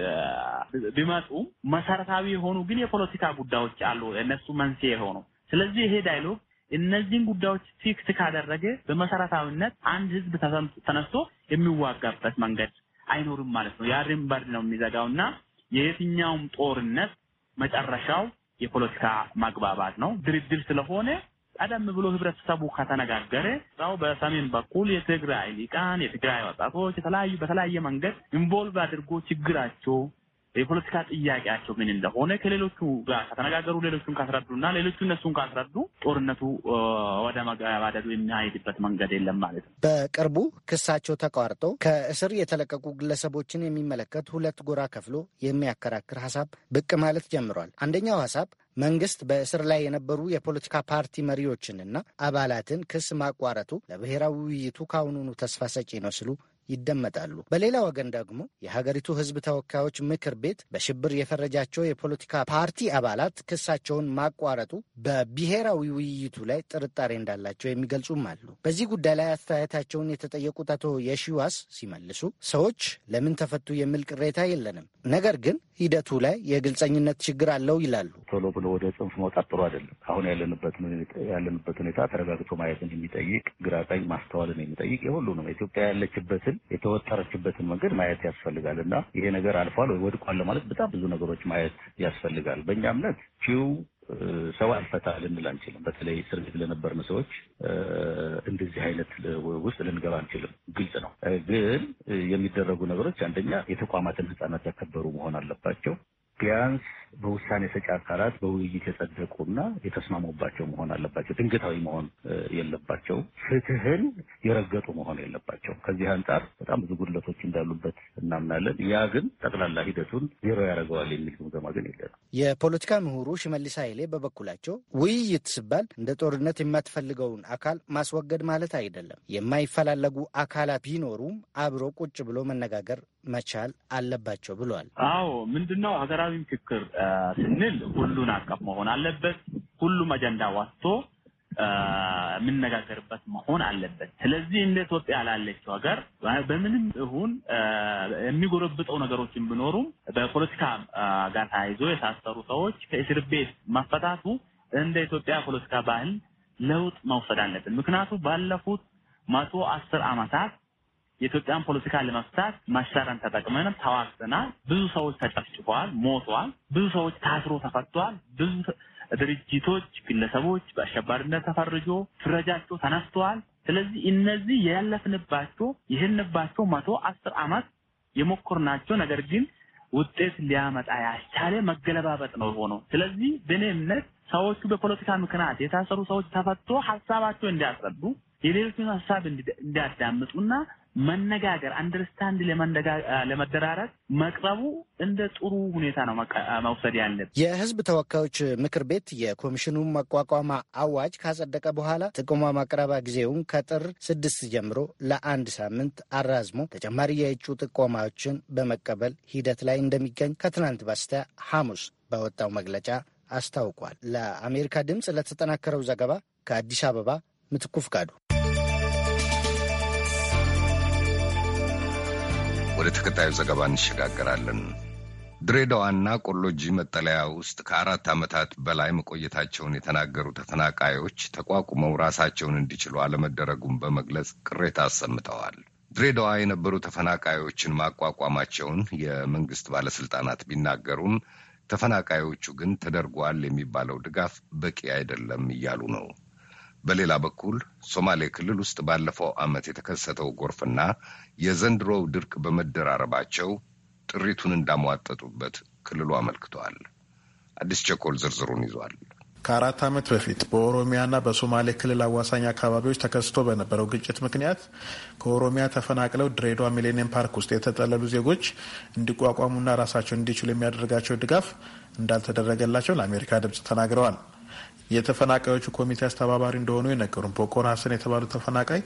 ቢመጡ መሰረታዊ የሆኑ ግን የፖለቲካ ጉዳዮች አሉ፣ እነሱ መንስኤ የሆኑ ስለዚህ ይሄ ዳይሎግ እነዚህን ጉዳዮች ፊክስ ካደረገ በመሰረታዊነት አንድ ህዝብ ተነስቶ የሚዋጋበት መንገድ አይኖርም ማለት ነው። ያ በር ነው የሚዘጋው እና የየትኛውም ጦርነት መጨረሻው የፖለቲካ ማግባባት ነው። ድርድር ስለሆነ ቀደም ብሎ ህብረተሰቡ ከተነጋገረ ው በሰሜን በኩል የትግራይ ሊቃን፣ የትግራይ ወጣቶች የተለያዩ በተለያየ መንገድ ኢንቮልቭ አድርጎ ችግራቸው የፖለቲካ ጥያቄያቸው ምን እንደሆነ ከሌሎቹ ጋር ከተነጋገሩ ሌሎቹን ካስረዱና ሌሎቹ እነሱን ካስረዱ ጦርነቱ ወደ መገባደዱ የሚያሄድበት መንገድ የለም ማለት ነው። በቅርቡ ክሳቸው ተቋርጠው ከእስር የተለቀቁ ግለሰቦችን የሚመለከት ሁለት ጎራ ከፍሎ የሚያከራክር ሀሳብ ብቅ ማለት ጀምሯል። አንደኛው ሀሳብ መንግስት በእስር ላይ የነበሩ የፖለቲካ ፓርቲ መሪዎችንና አባላትን ክስ ማቋረጡ ለብሔራዊ ውይይቱ ከአሁኑኑ ተስፋ ሰጪ ነው ሲሉ ይደመጣሉ። በሌላ ወገን ደግሞ የሀገሪቱ ሕዝብ ተወካዮች ምክር ቤት በሽብር የፈረጃቸው የፖለቲካ ፓርቲ አባላት ክሳቸውን ማቋረጡ በብሔራዊ ውይይቱ ላይ ጥርጣሬ እንዳላቸው የሚገልጹም አሉ። በዚህ ጉዳይ ላይ አስተያየታቸውን የተጠየቁት አቶ የሺዋስ ሲመልሱ ሰዎች ለምን ተፈቱ የሚል ቅሬታ የለንም፣ ነገር ግን ሂደቱ ላይ የግልጸኝነት ችግር አለው ይላሉ። ቶሎ ብሎ ወደ ጽንፍ መውጣት ጥሩ አይደለም። አሁን ያለንበት ሁኔታ ተረጋግቶ ማየትን የሚጠይቅ ግራጣኝ ማስተዋልን የሚጠይቅ የሁሉንም ኢትዮጵያ ያለችበትን መንገዶችን የተወጠረችበትን መንገድ ማየት ያስፈልጋል እና ይሄ ነገር አልፏል ወይ ወድቋል ለማለት በጣም ብዙ ነገሮች ማየት ያስፈልጋል። በእኛ እምነት ቺው ሰው አልፈታ ልንል አንችልም። በተለይ እስር ቤት ለነበርን ሰዎች እንደዚህ አይነት ውስጥ ልንገባ አንችልም። ግልጽ ነው። ግን የሚደረጉ ነገሮች አንደኛ የተቋማትን ሕፃናት ያከበሩ መሆን አለባቸው ቢያንስ በውሳኔ ሰጪ አካላት በውይይት የጸደቁና የተስማሙባቸው መሆን አለባቸው። ድንገታዊ መሆን የለባቸው። ፍትህን የረገጡ መሆን የለባቸው። ከዚህ አንጻር በጣም ብዙ ጉድለቶች እንዳሉበት እናምናለን። ያ ግን ጠቅላላ ሂደቱን ዜሮ ያደርገዋል የሚል ግምገማ ግን የለንም። የፖለቲካ ምሁሩ ሽመልስ ኃይሌ በበኩላቸው ውይይት ሲባል እንደ ጦርነት የማትፈልገውን አካል ማስወገድ ማለት አይደለም። የማይፈላለጉ አካላት ቢኖሩም አብሮ ቁጭ ብሎ መነጋገር መቻል አለባቸው ብለዋል። አዎ ምንድነው ሀገራዊ ምክክር ስንል ሁሉን አቀፍ መሆን አለበት። ሁሉም አጀንዳ ዋስቶ የምነጋገርበት መሆን አለበት። ስለዚህ እንደ ኢትዮጵያ ላለችው ሀገር በምንም ይሁን የሚጎረብጠው ነገሮችን ቢኖሩም በፖለቲካ ጋር ተያይዞ የታሰሩ ሰዎች ከእስር ቤት መፈታቱ እንደ ኢትዮጵያ ፖለቲካ ባህል ለውጥ መውሰድ አለብን። ምክንያቱም ባለፉት መቶ አስር አመታት። የኢትዮጵያን ፖለቲካ ለመፍታት መሸረን ተጠቅመን ተዋግተናል። ብዙ ሰዎች ተጨፍጭፈዋል፣ ሞተዋል። ብዙ ሰዎች ታስሮ ተፈቷል። ብዙ ድርጅቶች፣ ግለሰቦች በአሸባሪነት ተፈርጆ ፍረጃቸው ተነስተዋል። ስለዚህ እነዚህ ያለፍንባቸው ይህንባቸው መቶ አስር አመት የሞከርናቸው ነገር ግን ውጤት ሊያመጣ ያቻለ መገለባበጥ ነው የሆነው ስለዚህ በእኔ እምነት ሰዎቹ በፖለቲካ ምክንያት የታሰሩ ሰዎች ተፈቶ ሀሳባቸው እንዲያስረዱ የሌሎችን ሀሳብ እንዲያዳምጡና መነጋገር አንደርስታንድ ለመደራረግ መቅረቡ እንደ ጥሩ ሁኔታ ነው መውሰድ ያለብን። የህዝብ ተወካዮች ምክር ቤት የኮሚሽኑ መቋቋማ አዋጅ ካጸደቀ በኋላ ጥቆማ ማቅረባ ጊዜውን ከጥር ስድስት ጀምሮ ለአንድ ሳምንት አራዝሞ ተጨማሪ የእጩ ጥቆማዎችን በመቀበል ሂደት ላይ እንደሚገኝ ከትናንት በስቲያ ሐሙስ በወጣው መግለጫ አስታውቋል። ለአሜሪካ ድምፅ ለተጠናከረው ዘገባ ከአዲስ አበባ ምትኩ ፍቃዱ ወደ ተከታዩ ዘገባ እንሸጋገራለን። ድሬዳዋና ቆሎጂ መጠለያ ውስጥ ከአራት ዓመታት በላይ መቆየታቸውን የተናገሩ ተፈናቃዮች ተቋቁመው ራሳቸውን እንዲችሉ አለመደረጉን በመግለጽ ቅሬታ አሰምተዋል። ድሬዳዋ የነበሩ ተፈናቃዮችን ማቋቋማቸውን የመንግስት ባለስልጣናት ቢናገሩም ተፈናቃዮቹ ግን ተደርጓል የሚባለው ድጋፍ በቂ አይደለም እያሉ ነው። በሌላ በኩል ሶማሌ ክልል ውስጥ ባለፈው ዓመት የተከሰተው ጎርፍና የዘንድሮው ድርቅ በመደራረባቸው ጥሪቱን እንዳሟጠጡበት ክልሉ አመልክተዋል። አዲስ ቸኮል ዝርዝሩን ይዟል። ከአራት ዓመት በፊት በኦሮሚያና በሶማሌ ክልል አዋሳኝ አካባቢዎች ተከስቶ በነበረው ግጭት ምክንያት ከኦሮሚያ ተፈናቅለው ድሬዳዋ ሚሌኒየም ፓርክ ውስጥ የተጠለሉ ዜጎች እንዲቋቋሙና ራሳቸውን እንዲችሉ የሚያደርጋቸው ድጋፍ እንዳልተደረገላቸው ለአሜሪካ ድምፅ ተናግረዋል። የተፈናቃዮቹ ኮሚቴ አስተባባሪ እንደሆኑ የነገሩን ፖኮር ሀሰን የተባሉ ተፈናቃይ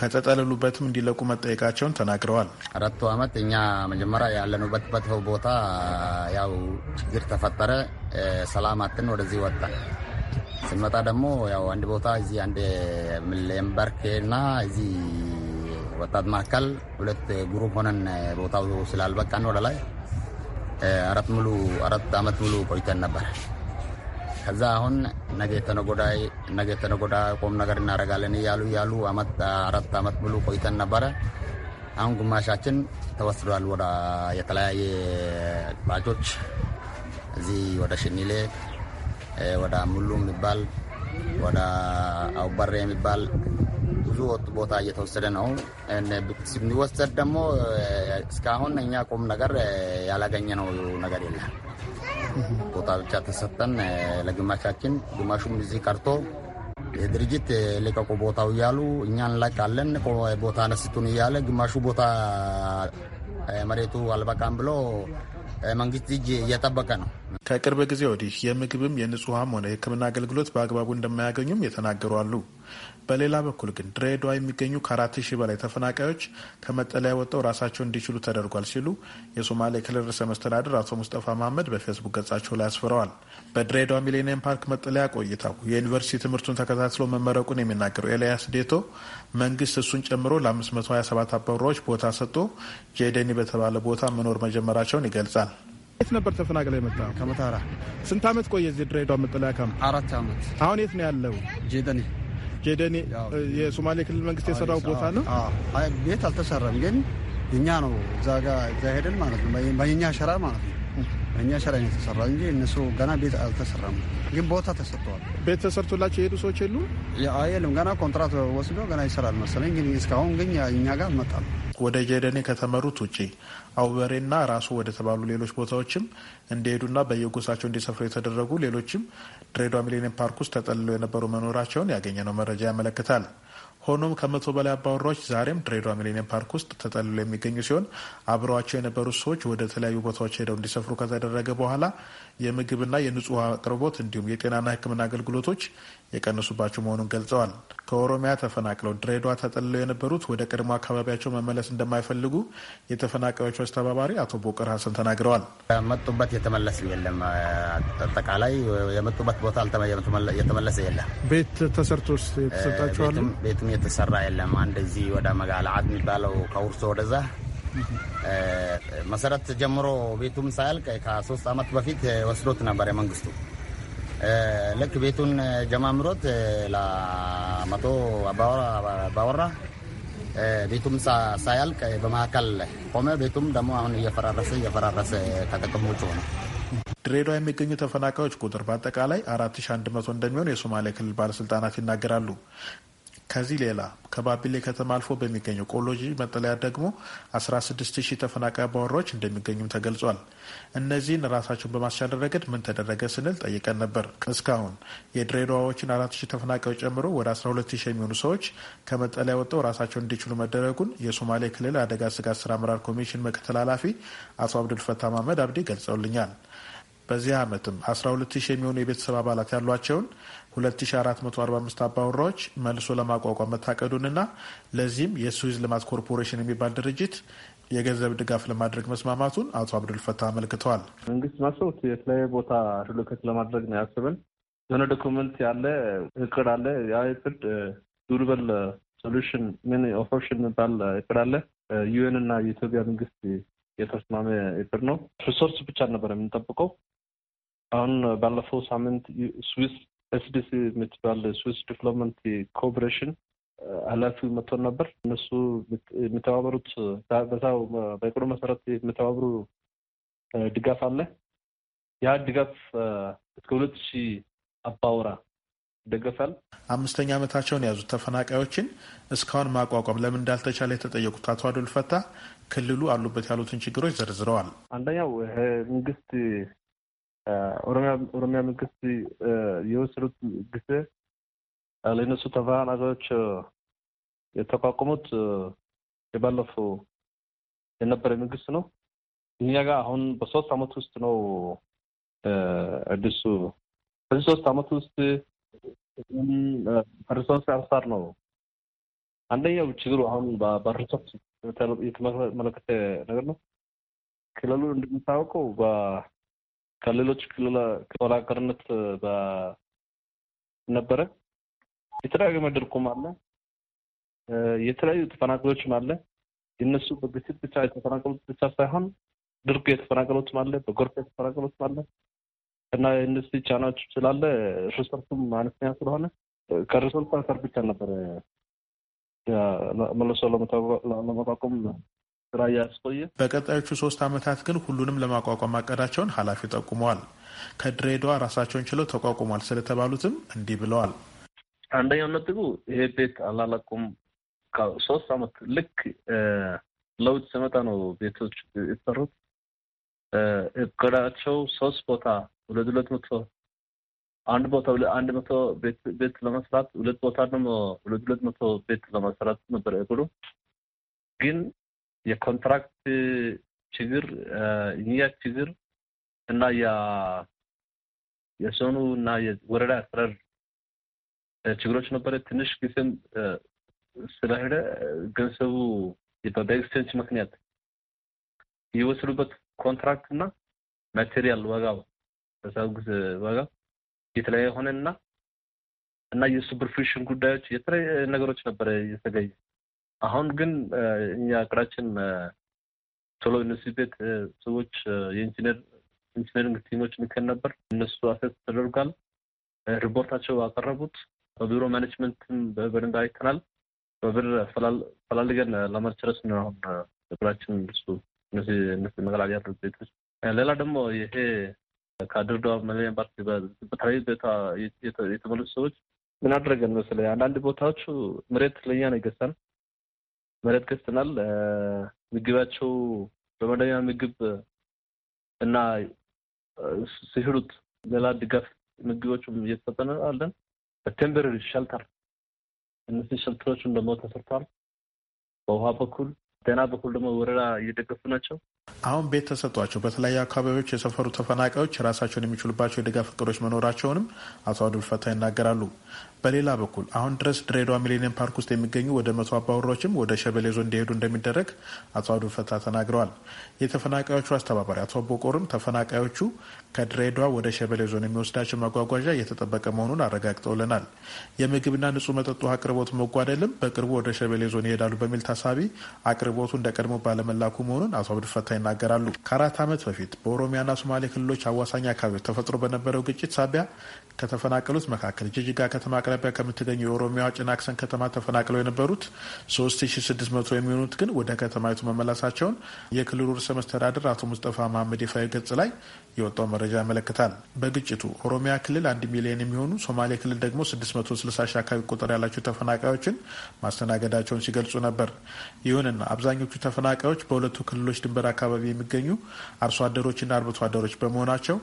ከተጠለሉበትም እንዲለቁ መጠየቃቸውን ተናግረዋል። አራቱ አመት እኛ መጀመሪያ ያለንበት ቦታ ያው ችግር ተፈጠረ። ሰላማትን ወደዚህ ወጣ ስመጣ ደግሞ ያው አንድ ቦታ እዚህ አንድ ምለምበርኬና እዚህ ወጣት መካከል ሁለት ግሩፕ ሆነን ቦታው ስላልበቃን ወደ ላይ አራት ሙሉ አራት አመት ሙሉ ቆይተን ነበር። ከዛ አሁን ነገ ተነጎዳ ነገ ተነጎዳ ቆም ነገር እናደርጋለን እያሉ እያሉ አመት አራት አመት ብሎ ቆይተን ነበረ። አሁን ግማሻችን ተወስዷል ወደ የተለያየ ባጮች እዚህ ወደ ሽኒሌ፣ ወደ ሙሉ የሚባል ወደ አውበሬ የሚባል ብዙ ቦታ እየተወሰደ ነው። የሚወሰድ ደግሞ እስካሁን እኛ ቁም ነገር ያላገኘ ነው ነገር የለም። ቦታ ብቻ ተሰጠን። ለግማሻችን ግማሹም እዚህ ቀርቶ የድርጅት ልቀቁ ቦታው እያሉ እኛ እንለቃለን ቦታ ነስቱን እያለ ግማሹ ቦታ መሬቱ አልበቃም ብሎ መንግስት እጅ እየጠበቀ ነው። ከቅርብ ጊዜ ወዲህ የምግብም የንጹሀም ሆነ የሕክምና አገልግሎት በአግባቡ እንደማያገኙም የተናገሩ አሉ። በሌላ በኩል ግን ድሬዳዋ የሚገኙ ከአራት ሺህ በላይ ተፈናቃዮች ከመጠለያ ወጥተው ራሳቸው እንዲችሉ ተደርጓል ሲሉ የሶማሌ ክልል ርዕሰ መስተዳድር አቶ ሙስጠፋ መሀመድ በፌስቡክ ገጻቸው ላይ አስፍረዋል። በድሬዳዋ ሚሌኒየም ፓርክ መጠለያ ቆይታው የዩኒቨርሲቲ ትምህርቱን ተከታትሎ መመረቁን የሚናገረው ኤልያስ ዴቶ መንግስት እሱን ጨምሮ ለ527 አባወራዎች ቦታ ሰጥቶ ጄደኒ በተባለ ቦታ መኖር መጀመራቸውን ይገልጻል። የት ነበር ተፈናቅለ የመጣ? ከመታራ። ስንት አመት ቆየ እዚህ ድሬዳዋ መጠለያ ካምፕ? አራት አመት። አሁን የት ነው ያለው? ጄደኒ ጄደን የሶማሌ ክልል መንግስት የሰራው ቦታ ነው። ቤት አልተሰራም፣ ግን እኛ ነው እዛ ጋ እዛ ሄደን ማለት ነው በኛ ሸራ ማለት ነው እኛ ሸራ የተሰራ እንጂ እነሱ ገና ቤት አልተሰራም፣ ግን ቦታ ተሰጥተዋል። ቤት ተሰርቶላቸው የሄዱ ሰዎች የሉ የሉም። ገና ኮንትራት ወስዶ ገና ይሰራል መሰለኝ፣ ግን እስካሁን ግን እኛ ጋር መጣል ወደ ጀደኔ ከተመሩት ውጪ አውበሬና ራሱ ወደ ተባሉ ሌሎች ቦታዎችም እንዲሄዱና በየጎሳቸው እንዲሰፍሩ የተደረጉ ሌሎችም ድሬዳዋ ሚሊኒየም ፓርክ ውስጥ ተጠልለው የነበሩ መኖራቸውን ያገኘነው መረጃ ያመለክታል። ሆኖም ከመቶ በላይ አባወራዎች ዛሬም ድሬዳዋ ሚሊኒየም ፓርክ ውስጥ ተጠልሎ የሚገኙ ሲሆን አብረዋቸው የነበሩት ሰዎች ወደ ተለያዩ ቦታዎች ሄደው እንዲሰፍሩ ከተደረገ በኋላ የምግብና የንጹህ አቅርቦት እንዲሁም የጤናና ሕክምና አገልግሎቶች የቀነሱባቸው መሆኑን ገልጸዋል። ከኦሮሚያ ተፈናቅለው ድሬዳዋ ተጠልለው የነበሩት ወደ ቀድሞ አካባቢያቸው መመለስ እንደማይፈልጉ የተፈናቃዮቹ አስተባባሪ አቶ ቦቀር ሀሰን ተናግረዋል። መጡበት የተመለስ የለም። አጠቃላይ የመጡበት ቦታ የተመለሰ የለም። ቤት ተሰርቶ የተሰጣቸዋል። ቤትም የተሰራ የለም። አንደዚህ ወደ መጋላዓት የሚባለው ከውርሶ ወደዛ መሰረት ጀምሮ ቤቱም ሳያልቅ ከሶስት ዓመት በፊት ወስዶት ነበር የመንግስቱ ልክ ቤቱን ጀማምሮት ለመቶ ባወራ ቤቱም ሳያልቅ በመካከል ቆመ። ቤቱም ደግሞ አሁን እየፈራረሰ እየፈራረሰ ከጥቅሞች ሆነ። ድሬዳዋ የሚገኙ ተፈናቃዮች ቁጥር በአጠቃላይ 4100 እንደሚሆን የሶማሌ ክልል ባለስልጣናት ይናገራሉ። ከዚህ ሌላ ከባቢሌ ከተማ አልፎ በሚገኘው ቆሎጂ መጠለያ ደግሞ 16000 ተፈናቃይ አባወራዎች እንደሚገኙም ተገልጿል። እነዚህን ራሳቸውን በማስቻል ረገድ ምን ተደረገ ስንል ጠይቀን ነበር። እስካሁን የድሬዳዋዎችን 4000 ተፈናቃዮች ጨምሮ ወደ 12000 የሚሆኑ ሰዎች ከመጠለያ ወጥተው ራሳቸውን እንዲችሉ መደረጉን የሶማሌ ክልል አደጋ ስጋት ስራ አመራር ኮሚሽን ምክትል ኃላፊ አቶ አብዱልፈታ ማህመድ አብዲ ገልጸውልኛል። በዚህ ዓመትም 12000 የሚሆኑ የቤተሰብ አባላት ያሏቸውን 2445 አባወራዎች መልሶ ለማቋቋም መታቀዱንና ለዚህም የስዊዝ ልማት ኮርፖሬሽን የሚባል ድርጅት የገንዘብ ድጋፍ ለማድረግ መስማማቱን አቶ አብዱልፈታ አመልክተዋል። መንግስት ማሰቡት የተለያየ ቦታ ሪሎኬት ለማድረግ ነው ያስብን የሆነ ዶኩመንት ያለ እቅድ አለ። ያ እቅድ ዱርበል ሶሉሽን ምን ኦፕሽን የሚባል እቅድ አለ። ዩኤን እና የኢትዮጵያ መንግስት የተስማመ እቅድ ነው። ሪሶርስ ብቻ ነበር የምንጠብቀው። አሁን ባለፈው ሳምንት ስዊስ ኤስዲሲ የምትባል ስዊስ ዲቨሎፕመንት ኮኦፕሬሽን ኃላፊ መጥቶ ነበር። እነሱ የሚተባበሩት በእቅዱ መሰረት የሚተባብሩ ድጋፍ አለ። ያ ድጋፍ እስከ ሁለት ሺህ አባወራ ይደገፋል። አምስተኛ ዓመታቸውን የያዙት ተፈናቃዮችን እስካሁን ማቋቋም ለምን እንዳልተቻለ የተጠየቁት አቶ አዶል ፈታ ክልሉ አሉበት ያሉትን ችግሮች ዘርዝረዋል። አንደኛው መንግስት ኦሮሚያ መንግስት የወሰዱት ጊዜ ለእነሱ ተፈናቃዮች የተቋቋሙት የባለፈው የነበረ መንግስት ነው። እኛ ጋር አሁን በሶስት አመት ውስጥ ነው አዲሱ በዚህ ሶስት አመት ውስጥ ሪሶርስ አንሳር ነው። አንደኛው ችግሩ አሁን በሪሶርስ የተመለከተ ነገር ነው። ክልሉ እንደሚታወቀው ከሌሎች ክፍለ ሀገርነት ነበረ። የተደጋገመ ድርቁም አለ። የተለያዩ ተፈናቃዮችም አለ። የነሱ በግጭት ብቻ የተፈናቀሉት ብቻ ሳይሆን ድርቅ የተፈናቀሉትም አለ፣ በጎርፍ የተፈናቀሉትም አለ እና የእነሱ ጫናዎች ስላለ ሪሶርሱም አነስተኛ ስለሆነ ከሪሶርሱ አንፃር ብቻ ነበረ መልሶ ለመቋቋም ስራ እያስቆየ በቀጣዮቹ ሶስት ዓመታት ግን ሁሉንም ለማቋቋም አቀዳቸውን ኃላፊ ጠቁመዋል። ከድሬዳዋ ራሳቸውን ችለው ተቋቁሟል ስለተባሉትም እንዲህ ብለዋል። አንደኛው ነጥቡ ይሄ ቤት አላላቁም ሶስት ዓመት ልክ ለውጥ ሲመጣ ነው ቤቶች የተሰሩት። እቅዳቸው ሶስት ቦታ ሁለት ሁለት መቶ አንድ ቦታ አንድ መቶ ቤት ለመስራት ሁለት ቦታ ደግሞ ሁለት ሁለት መቶ ቤት ለመስራት ነበር እቅዱ ግን የኮንትራክት ችግር እኛ ችግር እና የሰኑ እና የወረዳ አስተዳደር ችግሮች ነበረ። ትንሽ ጊዜም ስለሄደ ገንዘቡ በኤክስቼንጅ ምክንያት የወሰዱበት ኮንትራክት እና ማቴሪያል ዋጋው በዛው ጊዜ ዋጋ የተለያየ ሆነና እና የሱፐርፊሽን ጉዳዮች የተለያየ ነገሮች ነበረ የተገኘ አሁን ግን እኛ አቅራችን ቶሎ ዩኒቨርሲቲ ቤት ሰዎች የኢንጂነር ኢንጂነሪንግ ቲሞች ልከን ነበር። እነሱ አሰስ ተደርጓል። ሪፖርታቸው አቀረቡት። በቢሮ ማኔጅመንትም በደንብ አይተናል። በብር ፈላልገን ለመጨረስ ነው አሁን እቅዳችን እሱ እነዚህ መገላገያ ቤቶች። ሌላ ደግሞ ይሄ ከድሬዳዋ መለያ ፓርቲ በተለያዩ ቤታ የተመለሱ ሰዎች ምን አደረገን መሰለህ? አንዳንድ ቦታዎቹ መሬት ለኛ ነው ይገሳል መሬት ከስተናል። ምግባቸው በመደበኛ ምግብ እና ሲሽሉት ሌላ ድጋፍ ምግቦችም እየተሰጠን አለን። በቴምበር ሸልተር እነዚህ ሸልተሮች ደግሞ ተሰርተዋል። በውሃ በኩል ጤና በኩል ደግሞ ወረዳ እየደገፉ ናቸው። አሁን ቤት ተሰጧቸው በተለያዩ አካባቢዎች የሰፈሩ ተፈናቃዮች ራሳቸውን የሚችሉባቸው የድጋፍ እቅዶች መኖራቸውንም አቶ አብዱል ይናገራሉ። በሌላ በኩል አሁን ድረስ ድሬዳዋ ሚሊኒየም ፓርክ ውስጥ የሚገኙ ወደ መቶ አባወራዎችም ወደ ሸበሌ ዞን እንዲሄዱ እንደሚደረግ አቶ አዱ ፈታ ተናግረዋል። የተፈናቃዮቹ አስተባባሪ አቶ ቦቆርም ተፈናቃዮቹ ከድሬዳዋ ወደ ሸበሌ ዞን የሚወስዳቸው መጓጓዣ እየተጠበቀ መሆኑን አረጋግጠውልናል። የምግብና ንጹህ መጠጥ ውሃ አቅርቦት መጓደልም በቅርቡ ወደ ሸበሌ ዞን ይሄዳሉ በሚል ታሳቢ አቅርቦቱ እንደ ቀድሞ ባለመላኩ መሆኑን አቶ አብዱ ፈታ ይናገራሉ። ከአራት ዓመት በፊት በኦሮሚያና ሶማሌ ክልሎች አዋሳኝ አካባቢዎች ተፈጥሮ በነበረው ግጭት ሳቢያ ከተፈናቀሉት መካከል ጅጅጋ ከተማ አቅራቢያ ከምትገኘው የኦሮሚያ ጭናክሰን ከተማ ተፈናቅለው የነበሩት 3600 የሚሆኑት ግን ወደ ከተማይቱ መመላሳቸውን የክልሉ ርዕሰ መስተዳድር አቶ ሙስጠፋ መሀመድ ይፋዊ ገጽ ላይ የወጣው መረጃ ያመለክታል። በግጭቱ ኦሮሚያ ክልል አንድ ሚሊዮን የሚሆኑ ሶማሌ ክልል ደግሞ 660 ሺ አካባቢ ቁጥር ያላቸው ተፈናቃዮችን ማስተናገዳቸውን ሲገልጹ ነበር። ይሁንና አብዛኞቹ ተፈናቃዮች በሁለቱ ክልሎች ድንበር አካባቢ የሚገኙ አርሶ አደሮችና አርብቶ አደሮች በመሆናቸው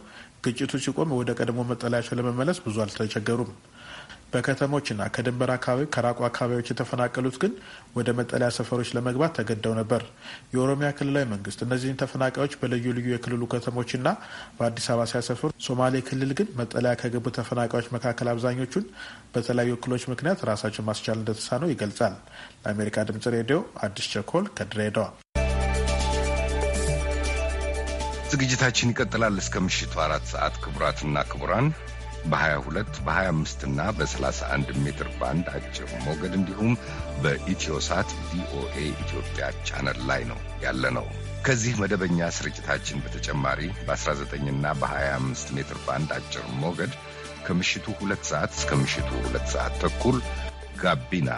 ግጭቱ ሲቆም ወደ ቀድሞ መጠለያቸው ለመመለስ ብዙ አልተቸገሩም። በከተሞችና ከድንበር አካባቢ ከራቁ አካባቢዎች የተፈናቀሉት ግን ወደ መጠለያ ሰፈሮች ለመግባት ተገደው ነበር። የኦሮሚያ ክልላዊ መንግስት እነዚህን ተፈናቃዮች በልዩ ልዩ የክልሉ ከተሞችና በአዲስ አበባ ሲያሰፍር፣ ሶማሌ ክልል ግን መጠለያ ከገቡ ተፈናቃዮች መካከል አብዛኞቹን በተለያዩ እክሎች ምክንያት ራሳቸው ማስቻል እንደተሳነው ይገልጻል። ለአሜሪካ ድምጽ ሬዲዮ አዲስ ቸኮል ከድሬዳዋ። ዝግጅታችን ይቀጥላል እስከ ምሽቱ አራት ሰዓት። ክቡራትና ክቡራን በ22 በ25 እና በ31 ሜትር ባንድ አጭር ሞገድ እንዲሁም በኢትዮሳት ቪኦኤ ኢትዮጵያ ቻነል ላይ ነው ያለ ነው። ከዚህ መደበኛ ስርጭታችን በተጨማሪ በ19 እና በ25 ሜትር ባንድ አጭር ሞገድ ከምሽቱ 2 ሰዓት እስከ ምሽቱ ሁለት ሰዓት ተኩል ጋቢና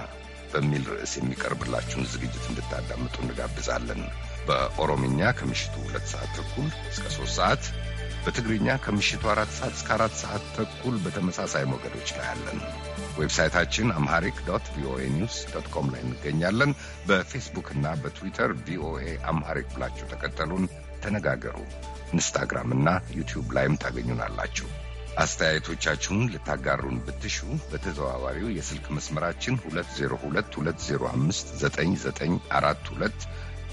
በሚል ርዕስ የሚቀርብላችሁን ዝግጅት እንድታዳምጡ እንጋብዛለን። በኦሮምኛ ከምሽቱ 2 ሰዓት ተኩል እስከ 3 ሰዓት በትግርኛ ከምሽቱ አራት ሰዓት እስከ አራት ሰዓት ተኩል በተመሳሳይ ሞገዶች ላይ አለን። ዌብሳይታችን አምሃሪክ ዶት ቪኦኤ ኒውስ ዶት ኮም ላይ እንገኛለን። በፌስቡክና በትዊተር ቪኦኤ አምሃሪክ ብላችሁ ተከተሉን፣ ተነጋገሩ። ኢንስታግራም እና ዩቲዩብ ላይም ታገኙናላችሁ። አስተያየቶቻችሁን ልታጋሩን ብትሹ በተዘዋዋሪው የስልክ መስመራችን 2022059942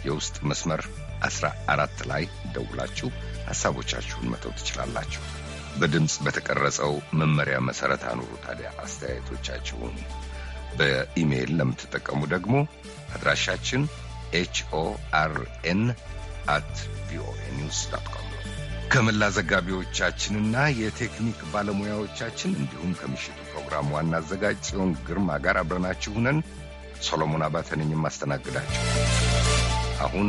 የውስጥ መስመር 14 ላይ ደውላችሁ ሐሳቦቻችሁን መተው ትችላላችሁ። በድምፅ በተቀረጸው መመሪያ መሠረት አኑሩ ታዲያ አስተያየቶቻችሁን። በኢሜይል ለምትጠቀሙ ደግሞ አድራሻችን ኤችኦአርኤን አት ቪኦኤ ኒውስ ኮም ነው። ከመላ ዘጋቢዎቻችንና የቴክኒክ ባለሙያዎቻችን እንዲሁም ከምሽቱ ፕሮግራም ዋና አዘጋጅ ጽዮን ግርማ ጋር አብረናችሁ ሁነን ሰሎሞን አባተነኝ የማስተናግዳችሁ አሁን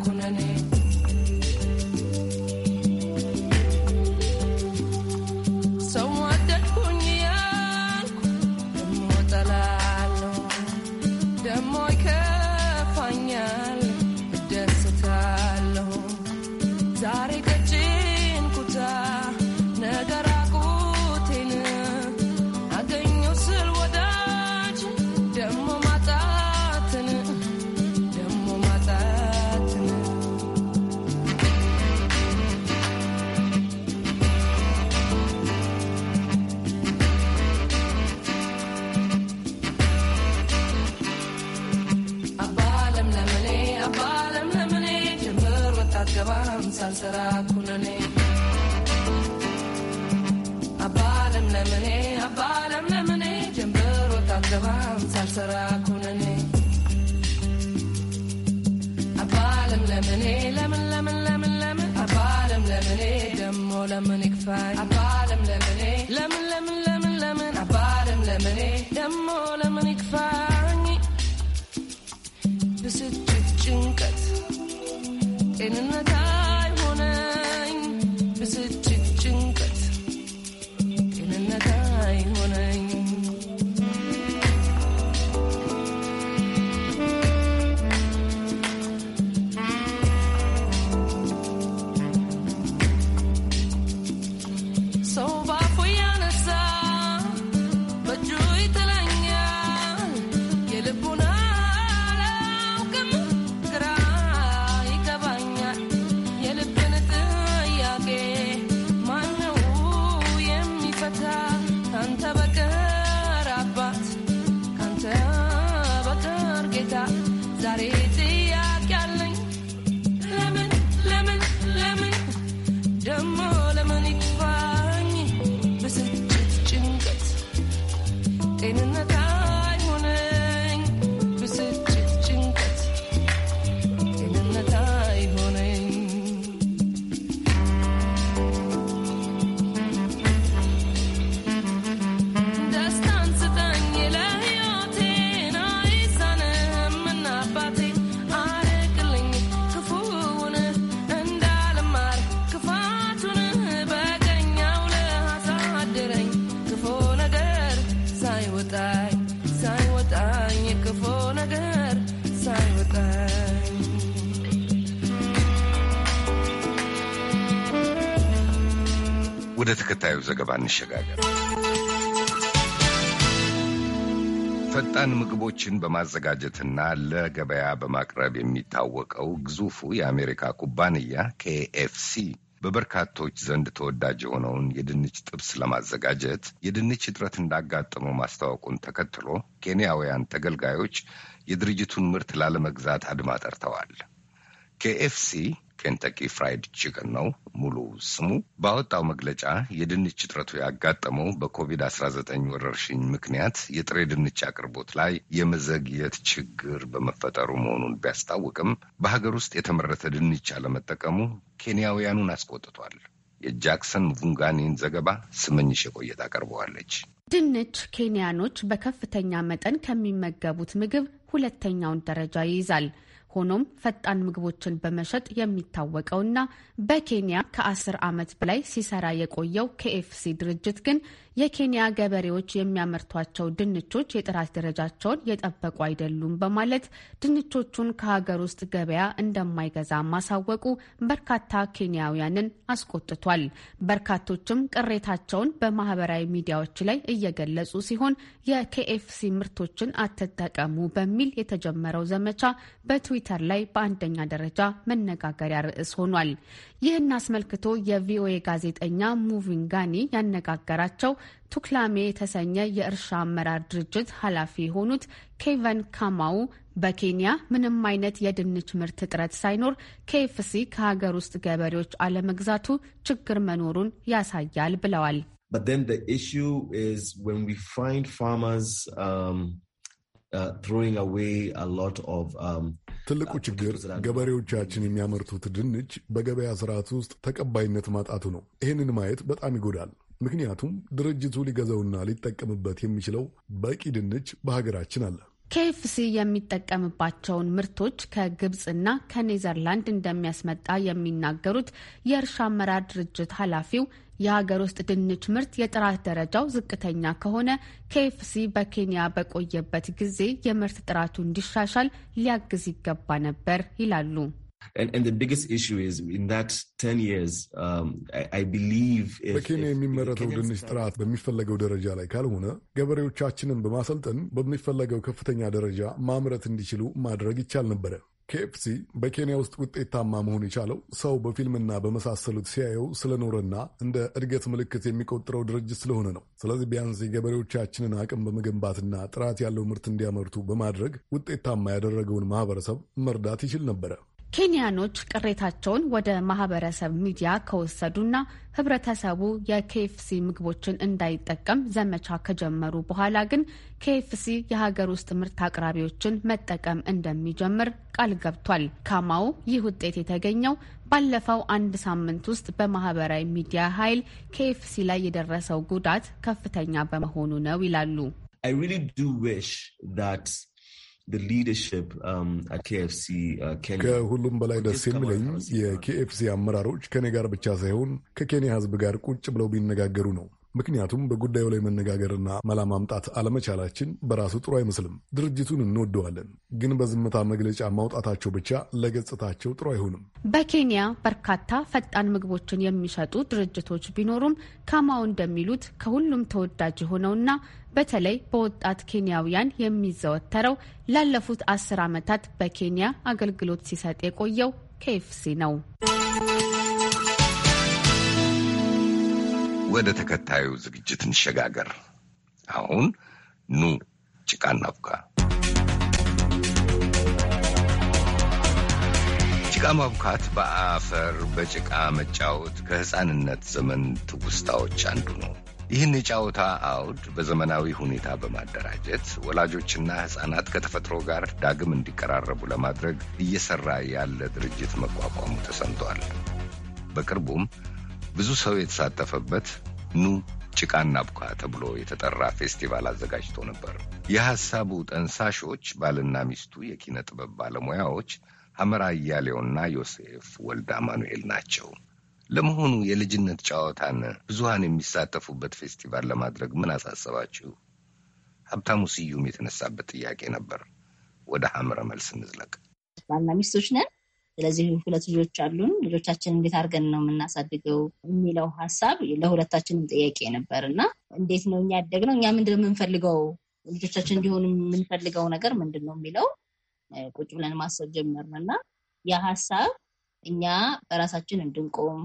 sarà kunane abalam lamane abalam lamane jambaro tatgavam sar sarà kunane abalam lamane laman laman laman laman abalam lamane dammo laman ikfai abalam lamane laman laman laman laman abalam lamane dammo laman ikfai ብስጭት ጭንቀት ጤንነታ ወደ ተከታዩ ዘገባ እንሸጋገር። ፈጣን ምግቦችን በማዘጋጀትና ለገበያ በማቅረብ የሚታወቀው ግዙፉ የአሜሪካ ኩባንያ ኬኤፍሲ በበርካቶች ዘንድ ተወዳጅ የሆነውን የድንች ጥብስ ለማዘጋጀት የድንች እጥረት እንዳጋጠመው ማስታወቁን ተከትሎ ኬንያውያን ተገልጋዮች የድርጅቱን ምርት ላለመግዛት አድማ ጠርተዋል። ኬኤፍሲ ኬንተኪ ፍራይድ ቺክን ነው ሙሉ ስሙ። ባወጣው መግለጫ የድንች እጥረቱ ያጋጠመው በኮቪድ-19 ወረርሽኝ ምክንያት የጥሬ ድንች አቅርቦት ላይ የመዘግየት ችግር በመፈጠሩ መሆኑን ቢያስታውቅም በሀገር ውስጥ የተመረተ ድንች አለመጠቀሙ ኬንያውያኑን አስቆጥቷል። የጃክሰን ቡንጋኒን ዘገባ ስመኝሽ የቆየት አቀርበዋለች። ድንች ኬንያኖች በከፍተኛ መጠን ከሚመገቡት ምግብ ሁለተኛውን ደረጃ ይይዛል። ሆኖም ፈጣን ምግቦችን በመሸጥ የሚታወቀውና በኬንያ ከአስር ዓመት በላይ ሲሰራ የቆየው ኬኤፍሲ ድርጅት ግን የኬንያ ገበሬዎች የሚያመርቷቸው ድንቾች የጥራት ደረጃቸውን የጠበቁ አይደሉም በማለት ድንቾቹን ከሀገር ውስጥ ገበያ እንደማይገዛ ማሳወቁ በርካታ ኬንያውያንን አስቆጥቷል። በርካቶችም ቅሬታቸውን በማህበራዊ ሚዲያዎች ላይ እየገለጹ ሲሆን የኬኤፍሲ ምርቶችን አትጠቀሙ በሚል የተጀመረው ዘመቻ በትዊተር ላይ በአንደኛ ደረጃ መነጋገሪያ ርዕስ ሆኗል። ይህን አስመልክቶ የቪኦኤ ጋዜጠኛ ሙቪንጋኒ ያነጋገራቸው ቱክላሜ የተሰኘ የእርሻ አመራር ድርጅት ኃላፊ የሆኑት ኬቨን ካማው በኬንያ ምንም አይነት የድንች ምርት እጥረት ሳይኖር ኬኤፍሲ ከሀገር ውስጥ ገበሬዎች አለመግዛቱ ችግር መኖሩን ያሳያል ብለዋል። ሮንግ አዌይ ትልቁ ችግር ገበሬዎቻችን የሚያመርቱት ድንች በገበያ ስርዓት ውስጥ ተቀባይነት ማጣቱ ነው። ይህንን ማየት በጣም ይጎዳል። ምክንያቱም ድርጅቱ ሊገዛውና ሊጠቀምበት የሚችለው በቂ ድንች በሀገራችን አለ። ኬኤፍሲ የሚጠቀምባቸውን ምርቶች ከግብፅና ከኔዘርላንድ እንደሚያስመጣ የሚናገሩት የእርሻ አመራር ድርጅት ኃላፊው የሀገር ውስጥ ድንች ምርት የጥራት ደረጃው ዝቅተኛ ከሆነ ኬኤፍሲ በኬንያ በቆየበት ጊዜ የምርት ጥራቱ እንዲሻሻል ሊያግዝ ይገባ ነበር ይላሉ። um, በኬንያ የሚመረተው ድንች ጥራት በሚፈለገው ደረጃ ላይ ካልሆነ ገበሬዎቻችንን በማሰልጠን በሚፈለገው ከፍተኛ ደረጃ ማምረት እንዲችሉ ማድረግ ይቻል ነበረ። ኬኤፍሲ በኬንያ ውስጥ ውጤታማ መሆን የቻለው ሰው በፊልምና በመሳሰሉት ሲያየው ስለኖረና እንደ እድገት ምልክት የሚቆጥረው ድርጅት ስለሆነ ነው። ስለዚህ ቢያንስ የገበሬዎቻችንን አቅም በመገንባትና ጥራት ያለው ምርት እንዲያመርቱ በማድረግ ውጤታማ ያደረገውን ማህበረሰብ መርዳት ይችል ነበረ። ኬንያኖች ቅሬታቸውን ወደ ማህበረሰብ ሚዲያ ከወሰዱና ህብረተሰቡ የኬኤፍሲ ምግቦችን እንዳይጠቀም ዘመቻ ከጀመሩ በኋላ ግን ኬኤፍሲ የሀገር ውስጥ ምርት አቅራቢዎችን መጠቀም እንደሚጀምር ቃል ገብቷል። ካማው ይህ ውጤት የተገኘው ባለፈው አንድ ሳምንት ውስጥ በማህበራዊ ሚዲያ ኃይል ኬኤፍሲ ላይ የደረሰው ጉዳት ከፍተኛ በመሆኑ ነው ይላሉ። Um, uh, ከሁሉም በላይ ደስ የሚለኝ የኬኤፍሲ አመራሮች ከኔ ጋር ብቻ ሳይሆን ከኬንያ ሕዝብ ጋር ቁጭ ብለው ቢነጋገሩ ነው። ምክንያቱም በጉዳዩ ላይ መነጋገርና መላ ማምጣት አለመቻላችን በራሱ ጥሩ አይመስልም። ድርጅቱን እንወደዋለን፣ ግን በዝምታ መግለጫ ማውጣታቸው ብቻ ለገጽታቸው ጥሩ አይሆንም። በኬንያ በርካታ ፈጣን ምግቦችን የሚሸጡ ድርጅቶች ቢኖሩም ካማው እንደሚሉት ከሁሉም ተወዳጅ የሆነውና በተለይ በወጣት ኬንያውያን የሚዘወተረው ላለፉት አስር ዓመታት በኬንያ አገልግሎት ሲሰጥ የቆየው ኬኤፍሲ ነው። ወደ ተከታዩ ዝግጅት እንሸጋገር። አሁን ኑ ጭቃ ጭቃ ማብካት፣ በአፈር በጭቃ መጫወት ከሕፃንነት ዘመን ትውስታዎች አንዱ ነው። ይህን የጨዋታ አውድ በዘመናዊ ሁኔታ በማደራጀት ወላጆችና ሕፃናት ከተፈጥሮ ጋር ዳግም እንዲቀራረቡ ለማድረግ እየሰራ ያለ ድርጅት መቋቋሙ ተሰምቷል። በቅርቡም ብዙ ሰው የተሳተፈበት ኑ ጭቃና ቡካ ተብሎ የተጠራ ፌስቲቫል አዘጋጅቶ ነበር። የሐሳቡ ጠንሳሾች ባልና ሚስቱ የኪነ ጥበብ ባለሙያዎች ሐመር እያሌውና ዮሴፍ ወልዳ አማኑኤል ናቸው። ለመሆኑ የልጅነት ጨዋታን ብዙሃን የሚሳተፉበት ፌስቲቫል ለማድረግ ምን አሳሰባችሁ? ሀብታሙ ስዩም የተነሳበት ጥያቄ ነበር። ወደ ሀምረ መልስ እንዝለቅ። ባልና ሚስቶች ነን። ስለዚህ ሁለት ልጆች አሉን። ልጆቻችን እንዴት አድርገን ነው የምናሳድገው የሚለው ሀሳብ ለሁለታችንም ጥያቄ ነበር እና እንዴት ነው እኛ ያደግነው፣ እኛ ምንድን ነው የምንፈልገው፣ ልጆቻችን እንዲሆኑ የምንፈልገው ነገር ምንድን ነው የሚለው ቁጭ ብለን ማሰብ ጀመርን እና ያ ሀሳብ እኛ በራሳችን እንድንቆም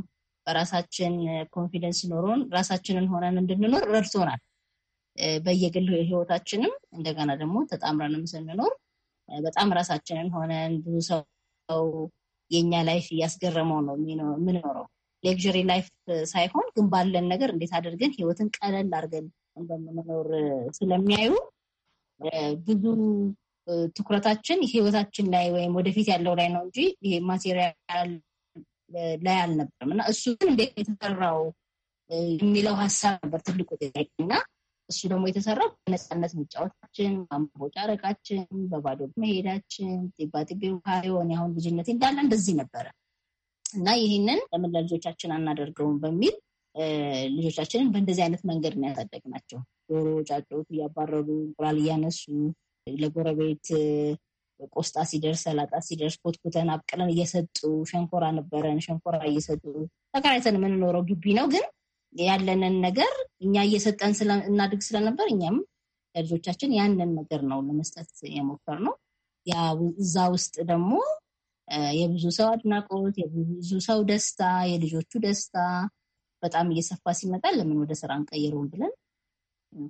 በራሳችን ኮንፊደንስ ኖሮን ራሳችንን ሆነን እንድንኖር ረድቶናል። በየግል ህይወታችንም እንደገና ደግሞ ተጣምረንም ስንኖር በጣም ራሳችንን ሆነን ብዙ ሰው የእኛ ላይፍ እያስገረመው ነው የምንኖረው። ሌክዥሪ ላይፍ ሳይሆን ግን ባለን ነገር እንዴት አድርገን ህይወትን ቀለል አድርገን እንደምንኖር ስለሚያዩ ብዙ ትኩረታችን ህይወታችን ላይ ወይም ወደፊት ያለው ላይ ነው እንጂ ይሄ ማቴሪያል ላይ አልነበረም እና እሱ ግን እንዴት የተሰራው የሚለው ሀሳብ ነበር ትልቁ ጥያቄ እና እሱ ደግሞ የተሰራው በነፃነት መጫወታችን፣ ማንበብ ጨረቃችን፣ በባዶ መሄዳችን፣ ጢባጢቤ ውሃ የሆን ያሁን ልጅነት እንዳለ እንደዚህ ነበረ እና ይህንን ለምን ለልጆቻችን አናደርገውም በሚል ልጆቻችንን በእንደዚህ አይነት መንገድ ነው ያሳደግናቸው። ዶሮ ጫጩት እያባረሩ እንቁላል እያነሱ ለጎረቤት ቆስጣ ሲደርስ፣ ሰላጣ ሲደርስ ኮትኩተን አብቅለን እየሰጡ ሸንኮራ ነበረን ሸንኮራ እየሰጡ ተከራይተን የምንኖረው ግቢ ነው። ግን ያለንን ነገር እኛ እየሰጠን እናድግ ስለነበር እኛም ለልጆቻችን ያንን ነገር ነው ለመስጠት የሞከር ነው። እዛ ውስጥ ደግሞ የብዙ ሰው አድናቆት፣ የብዙ ሰው ደስታ፣ የልጆቹ ደስታ በጣም እየሰፋ ሲመጣ ለምን ወደ ስራ እንቀይረውን ብለን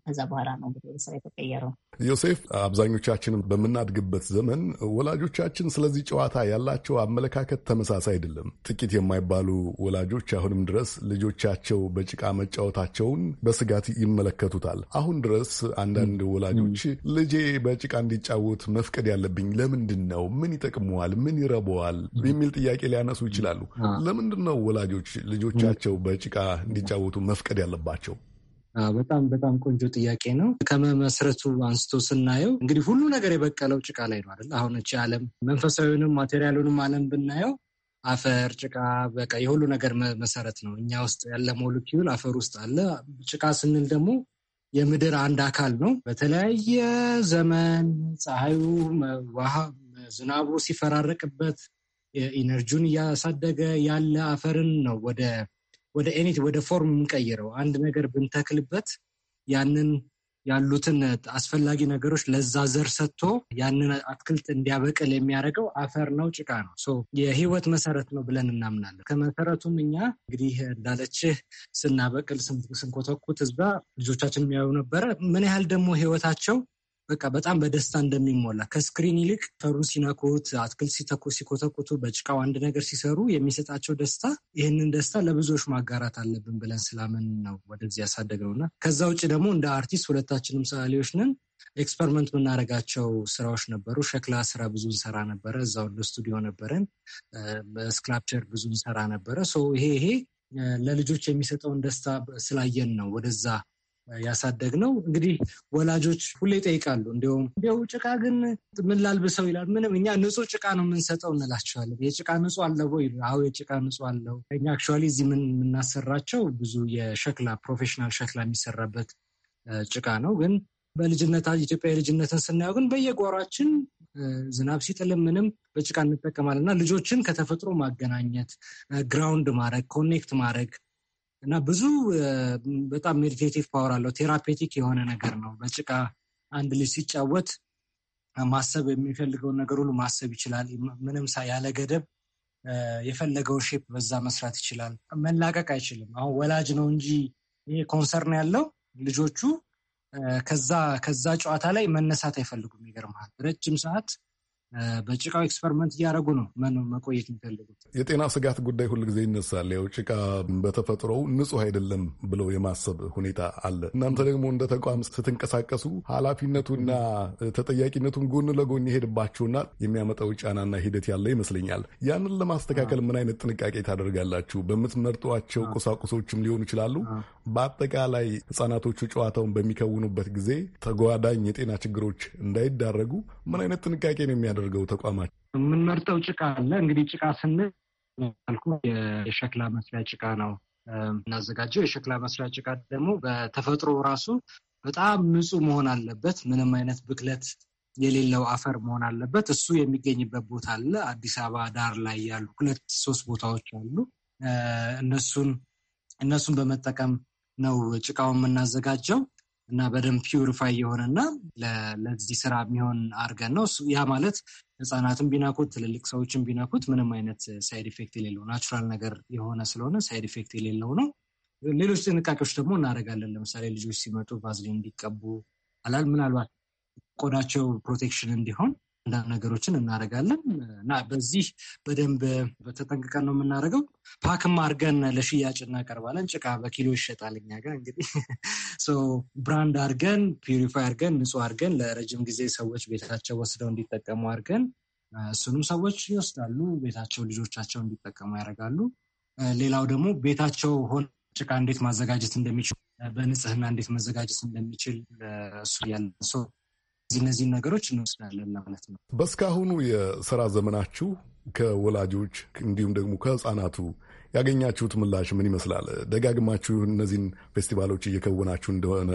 ከዛ በኋላ ነው እንግዲህ ስራ የተቀየረው። ዮሴፍ፣ አብዛኞቻችንም በምናድግበት ዘመን ወላጆቻችን ስለዚህ ጨዋታ ያላቸው አመለካከት ተመሳሳይ አይደለም። ጥቂት የማይባሉ ወላጆች አሁንም ድረስ ልጆቻቸው በጭቃ መጫወታቸውን በስጋት ይመለከቱታል። አሁን ድረስ አንዳንድ ወላጆች ልጄ በጭቃ እንዲጫወት መፍቀድ ያለብኝ ለምንድን ነው? ምን ይጠቅመዋል? ምን ይረበዋል? የሚል ጥያቄ ሊያነሱ ይችላሉ። ለምንድን ነው ወላጆች ልጆቻቸው በጭቃ እንዲጫወቱ መፍቀድ ያለባቸው? በጣም በጣም ቆንጆ ጥያቄ ነው። ከመመስረቱ አንስቶ ስናየው እንግዲህ ሁሉ ነገር የበቀለው ጭቃ ላይ ነው አይደል? አሁን እቺ ዓለም መንፈሳዊንም ማቴሪያሉንም ዓለም ብናየው አፈር፣ ጭቃ በቃ የሁሉ ነገር መሰረት ነው። እኛ ውስጥ ያለ ሞለኪውል አፈር ውስጥ አለ። ጭቃ ስንል ደግሞ የምድር አንድ አካል ነው። በተለያየ ዘመን ፀሐዩ፣ ውሃ፣ ዝናቡ ሲፈራረቅበት ኢነርጂውን እያሳደገ ያለ አፈርን ነው ወደ ወደ ኤኒት ወደ ፎርም የምንቀይረው አንድ ነገር ብንተክልበት ያንን ያሉትን አስፈላጊ ነገሮች ለዛ ዘር ሰጥቶ ያንን አትክልት እንዲያበቅል የሚያደርገው አፈር ነው፣ ጭቃ ነው፣ ሶ የህይወት መሰረት ነው ብለን እናምናለን። ከመሰረቱም እኛ እንግዲህ እንዳለችህ ስናበቅል ስንኮተኩት እዛ ልጆቻችን የሚያዩ ነበረ ምን ያህል ደግሞ ህይወታቸው በቃ በጣም በደስታ እንደሚሞላ ከስክሪን ይልቅ ፈሩ ሲነኩት፣ አትክልት ሲኮተኩቱ፣ በጭቃው አንድ ነገር ሲሰሩ የሚሰጣቸው ደስታ ይህንን ደስታ ለብዙዎች ማጋራት አለብን ብለን ስላምን ነው ወደዚህ ያሳደግነውና ከዛ ውጭ ደግሞ እንደ አርቲስት ሁለታችንም ሰዓሊዎች ነን። ኤክስፐሪመንት የምናደርጋቸው ስራዎች ነበሩ። ሸክላ ስራ ብዙ እንሰራ ነበረ። እዛው ስቱዲዮ ነበረን። ስክላፕቸር ብዙ እንሰራ ነበረ። ይሄ ይሄ ለልጆች የሚሰጠውን ደስታ ስላየን ነው ወደዛ ያሳደግ ነው። እንግዲህ ወላጆች ሁሌ ይጠይቃሉ። እንዲሁም እንዲያው ጭቃ ግን ምን ላልብሰው ይላል። ምንም እኛ ንጹህ ጭቃ ነው የምንሰጠው እንላቸዋለን። የጭቃ ንጹህ አለው ወይ? አዎ የጭቃ ንጹህ አለው። እኛ አክቹዋሊ እዚህ ምን የምናሰራቸው ብዙ የሸክላ ፕሮፌሽናል ሸክላ የሚሰራበት ጭቃ ነው። ግን በልጅነት ኢትዮጵያ የልጅነትን ስናየው ግን በየጓሯችን ዝናብ ሲጥልም ምንም በጭቃ እንጠቀማለን እና ልጆችን ከተፈጥሮ ማገናኘት ግራውንድ ማድረግ ኮኔክት ማድረግ እና ብዙ በጣም ሜዲቴቲቭ ፓወር አለው። ቴራፔቲክ የሆነ ነገር ነው። በጭቃ አንድ ልጅ ሲጫወት ማሰብ የሚፈልገውን ነገር ሁሉ ማሰብ ይችላል። ምንም ሳ ያለ ገደብ የፈለገውን ሼፕ በዛ መስራት ይችላል። መላቀቅ አይችልም። አሁን ወላጅ ነው እንጂ ይሄ ኮንሰርን ያለው ልጆቹ ከዛ ከዛ ጨዋታ ላይ መነሳት አይፈልጉም። ይገርምሃል ረጅም ሰዓት በጭቃው ኤክስፐሪመንት እያደረጉ ነው መቆየት የሚፈልጉት። የጤና ስጋት ጉዳይ ጊዜ ይነሳል። ያው ጭቃ በተፈጥሮው ንጹህ አይደለም ብለው የማሰብ ሁኔታ አለ። እናንተ ደግሞ እንደ ተቋም ስትንቀሳቀሱ ኃላፊነቱና ተጠያቂነቱን ጎን ለጎን የሄድባችሁና የሚያመጣው ጫናና ሂደት ያለ ይመስለኛል። ያንን ለማስተካከል ምን አይነት ጥንቃቄ ታደርጋላችሁ? በምትመርጧቸው ቁሳቁሶችም ሊሆኑ ይችላሉ። በአጠቃላይ ህጻናቶቹ ጨዋታውን በሚከውኑበት ጊዜ ተጓዳኝ የጤና ችግሮች እንዳይዳረጉ ምን አይነት ጥንቃቄ ነው የሚያ የሚያደርገው ተቋማት? የምንመርጠው ጭቃ አለ። እንግዲህ ጭቃ ስንል የሸክላ መስሪያ ጭቃ ነው የምናዘጋጀው። የሸክላ መስሪያ ጭቃ ደግሞ በተፈጥሮ ራሱ በጣም ንጹህ መሆን አለበት። ምንም አይነት ብክለት የሌለው አፈር መሆን አለበት። እሱ የሚገኝበት ቦታ አለ። አዲስ አበባ ዳር ላይ ያሉ ሁለት ሶስት ቦታዎች አሉ። እነሱን እነሱን በመጠቀም ነው ጭቃውን የምናዘጋጀው። እና በደንብ ፒውሪፋይ የሆነና ለዚህ ስራ የሚሆን አድርገን ነው። ያ ማለት ህጻናትን ቢናኩት ትልልቅ ሰዎችን ቢናኩት ምንም አይነት ሳይድ ኢፌክት የሌለው ናቹራል ነገር የሆነ ስለሆነ ሳይድ ኢፌክት የሌለው ነው። ሌሎች ጥንቃቄዎች ደግሞ እናደርጋለን። ለምሳሌ ልጆች ሲመጡ ቫዝሊን እንዲቀቡ አላል ምናልባት ቆዳቸው ፕሮቴክሽን እንዲሆን አንዳንድ ነገሮችን እናደርጋለን እና በዚህ በደንብ በተጠንቅቀን ነው የምናደርገው። ፓክም አድርገን ለሽያጭ እናቀርባለን። ጭቃ በኪሎ ይሸጣል እኛ ጋር እንግዲህ ብራንድ አድርገን ፒሪፋይ አድርገን ንጹህ አድርገን ለረጅም ጊዜ ሰዎች ቤታቸው ወስደው እንዲጠቀሙ አድርገን እሱንም ሰዎች ይወስዳሉ። ቤታቸው ልጆቻቸው እንዲጠቀሙ ያደርጋሉ። ሌላው ደግሞ ቤታቸው ሆን ጭቃ እንዴት ማዘጋጀት እንደሚችል በንጽህና እንዴት መዘጋጀት እንደሚችል እሱ ያለ እነዚህን ነገሮች እንወስዳለን ለማለት ነው። በእስካሁኑ የስራ ዘመናችሁ ከወላጆች እንዲሁም ደግሞ ከህፃናቱ ያገኛችሁት ምላሽ ምን ይመስላል? ደጋግማችሁ እነዚህን ፌስቲቫሎች እየከወናችሁ እንደሆነ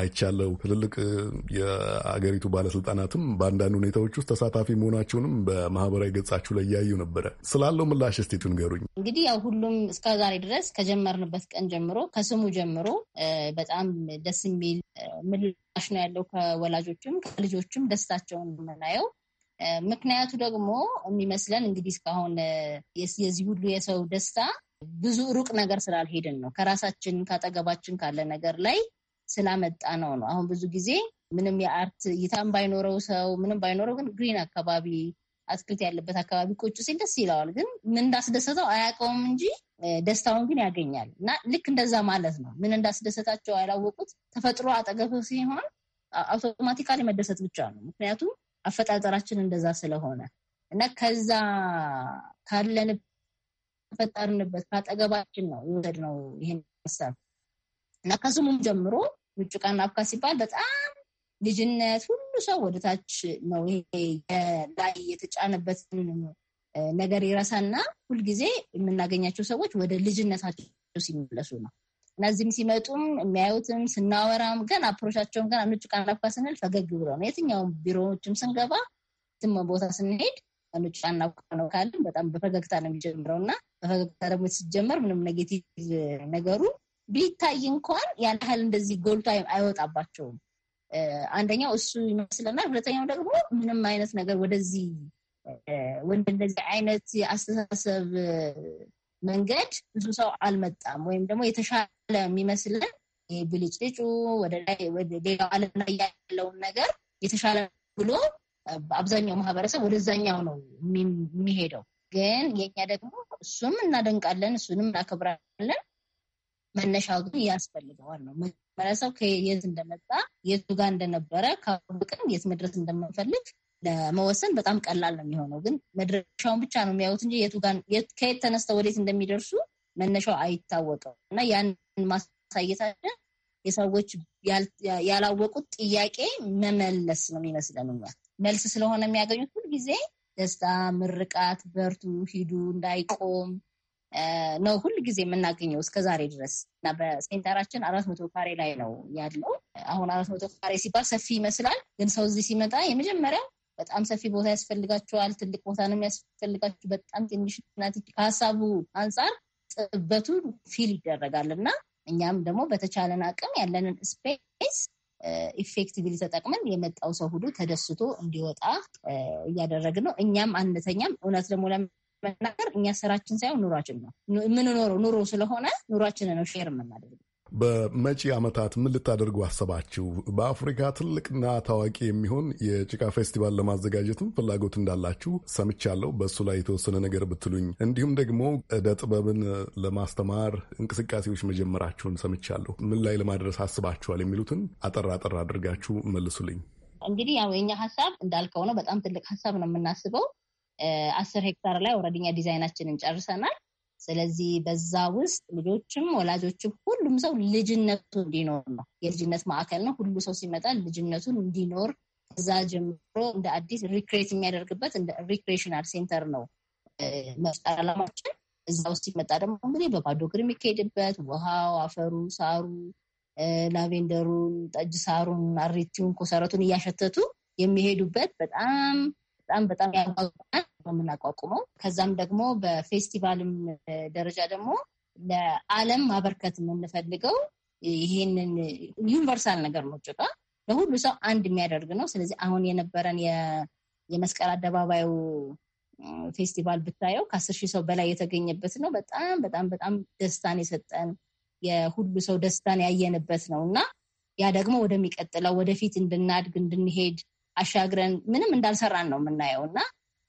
አይቻለው። ትልልቅ የአገሪቱ ባለስልጣናትም በአንዳንድ ሁኔታዎች ውስጥ ተሳታፊ መሆናችሁንም በማህበራዊ ገጻችሁ ላይ እያዩ ነበረ። ስላለው ምላሽ እስቲቱ ንገሩኝ። እንግዲህ ያው ሁሉም እስከዛሬ ድረስ ከጀመርንበት ቀን ጀምሮ ከስሙ ጀምሮ በጣም ደስ የሚል ምላሽ ነው ያለው። ከወላጆችም ከልጆችም ደስታቸውን የምናየው ምክንያቱ ደግሞ የሚመስለን እንግዲህ እስካሁን የዚህ ሁሉ የሰው ደስታ ብዙ ሩቅ ነገር ስላልሄድን ነው። ከራሳችን ካጠገባችን ካለ ነገር ላይ ስላመጣ ነው ነው። አሁን ብዙ ጊዜ ምንም የአርት እይታም ባይኖረው ሰው ምንም ባይኖረው፣ ግን ግሪን አካባቢ አትክልት ያለበት አካባቢ ቁጭ ሲል ደስ ይለዋል። ግን ምን እንዳስደሰተው አያውቀውም እንጂ ደስታውን ግን ያገኛል። እና ልክ እንደዛ ማለት ነው። ምን እንዳስደሰታቸው ያላወቁት ተፈጥሮ አጠገብ ሲሆን አውቶማቲካሊ መደሰት ብቻ ነው። ምክንያቱም አፈጣጠራችን እንደዛ ስለሆነ እና ከዛ ካለን ተፈጠርንበት ካጠገባችን ነው ይወሰድ ነው ይህን ሀሳብ እና ከስሙም ጀምሮ ምጭቃን አብካ ሲባል በጣም ልጅነት ሁሉ ሰው ወደታች ነው። ይሄ ላይ የተጫነበትን ነገር ይረሳና ሁልጊዜ የምናገኛቸው ሰዎች ወደ ልጅነታቸው ሲመለሱ ነው። እነዚህም ሲመጡም የሚያዩትም ስናወራም ገና አፕሮቻቸውም ገና ምንጩ ቃናኳ ስንል ፈገግ ብለው ነው። የትኛውም ቢሮዎችም ስንገባ ትም ቦታ ስንሄድ ምንጩ ቃናኳ ነው ካልን በጣም በፈገግታ ነው የሚጀምረው እና በፈገግታ ደግሞ ሲጀመር ምንም ኔጌቲቭ ነገሩ ቢታይ እንኳን ያን ያህል እንደዚህ ጎልቶ አይወጣባቸውም። አንደኛው እሱ ይመስለናል። ሁለተኛው ደግሞ ምንም አይነት ነገር ወደዚህ ወደ እንደዚህ አይነት አስተሳሰብ መንገድ ብዙ ሰው አልመጣም። ወይም ደግሞ የተሻለ የሚመስልን ብልጭልጩ ወደ ሌላው ዓለም ላይ ያለውን ነገር የተሻለ ብሎ አብዛኛው ማህበረሰብ ወደዛኛው ነው የሚሄደው። ግን የኛ ደግሞ እሱም እናደንቃለን፣ እሱንም እናከብራለን። መነሻው ግን ያስፈልገዋል ነው ማህበረሰብ ከየት እንደመጣ የቱ ጋር እንደነበረ ካወቅን የት መድረስ እንደምንፈልግ ለመወሰን በጣም ቀላል ነው የሚሆነው። ግን መድረሻውን ብቻ ነው የሚያዩት እንጂ ከየት ተነስተው ወዴት እንደሚደርሱ መነሻው አይታወቀው እና ያንን ማሳየታችን የሰዎች ያላወቁት ጥያቄ መመለስ ነው የሚመስለን። መልስ ስለሆነ የሚያገኙት ሁልጊዜ ደስታ፣ ምርቃት፣ በርቱ፣ ሂዱ፣ እንዳይቆም ነው ሁል ጊዜ የምናገኘው እስከ ዛሬ ድረስ እና በሴንተራችን አራት መቶ ካሬ ላይ ነው ያለው። አሁን አራት መቶ ካሬ ሲባል ሰፊ ይመስላል፣ ግን ሰው እዚህ ሲመጣ የመጀመሪያው በጣም ሰፊ ቦታ ያስፈልጋቸዋል። ትልቅ ቦታ ነው የሚያስፈልጋቸው። በጣም ትንሽ ናት። ከሀሳቡ አንጻር ጥበቱ ፊል ይደረጋል እና እኛም ደግሞ በተቻለን አቅም ያለንን ስፔስ ኢፌክቲቭሊ ተጠቅመን የመጣው ሰው ሁሉ ተደስቶ እንዲወጣ እያደረግ ነው። እኛም አንተኛም። እውነት ደግሞ ለመናገር እኛ ስራችን ሳይሆን ኑሯችን ነው የምንኖረው። ኑሮ ስለሆነ ኑሯችን ነው ሼር የምናደርገው። በመጪ ዓመታት ምን ልታደርጉ አሰባችሁ? በአፍሪካ ትልቅና ታዋቂ የሚሆን የጭቃ ፌስቲቫል ለማዘጋጀትም ፍላጎት እንዳላችሁ ሰምቻለሁ። በእሱ ላይ የተወሰነ ነገር ብትሉኝ፣ እንዲሁም ደግሞ ዕደ ጥበብን ለማስተማር እንቅስቃሴዎች መጀመራችሁን ሰምቻለሁ። ምን ላይ ለማድረስ አስባችኋል? የሚሉትን አጠር አጠር አድርጋችሁ መልሱልኝ። እንግዲህ ያው የኛ ሀሳብ እንዳልከው ነው። በጣም ትልቅ ሀሳብ ነው የምናስበው። አስር ሄክታር ላይ ወረድኛ ዲዛይናችንን ጨርሰናል። ስለዚህ በዛ ውስጥ ልጆችም ወላጆችም ሁሉም ሰው ልጅነቱ እንዲኖር ነው። የልጅነት ማዕከል ነው። ሁሉ ሰው ሲመጣ ልጅነቱን እንዲኖር ከዛ ጀምሮ እንደ አዲስ ሪክሬት የሚያደርግበት እንደ ሪክሬሽናል ሴንተር ነው መፍጠር አላማችን። እዛ ውስጥ ሲመጣ ደግሞ እንግዲህ በባዶ እግር የሚካሄድበት ውሃው፣ አፈሩ፣ ሳሩ፣ ላቬንደሩን፣ ጠጅ ሳሩን፣ አሪቲውን፣ ኮሰረቱን እያሸተቱ የሚሄዱበት በጣም በጣም በጣም ያጓጓል የምናቋቁመው። ከዛም ደግሞ በፌስቲቫልም ደረጃ ደግሞ ለዓለም ማበርከት የምንፈልገው ይሄንን ዩኒቨርሳል ነገር ነው። ጭቃ ለሁሉ ሰው አንድ የሚያደርግ ነው። ስለዚህ አሁን የነበረን የመስቀል አደባባዩ ፌስቲቫል ብታየው ከአስር ሺህ ሰው በላይ የተገኘበት ነው። በጣም በጣም በጣም ደስታን የሰጠን የሁሉ ሰው ደስታን ያየንበት ነው እና ያ ደግሞ ወደሚቀጥለው ወደፊት እንድናድግ እንድንሄድ አሻግረን ምንም እንዳልሰራን ነው የምናየው እና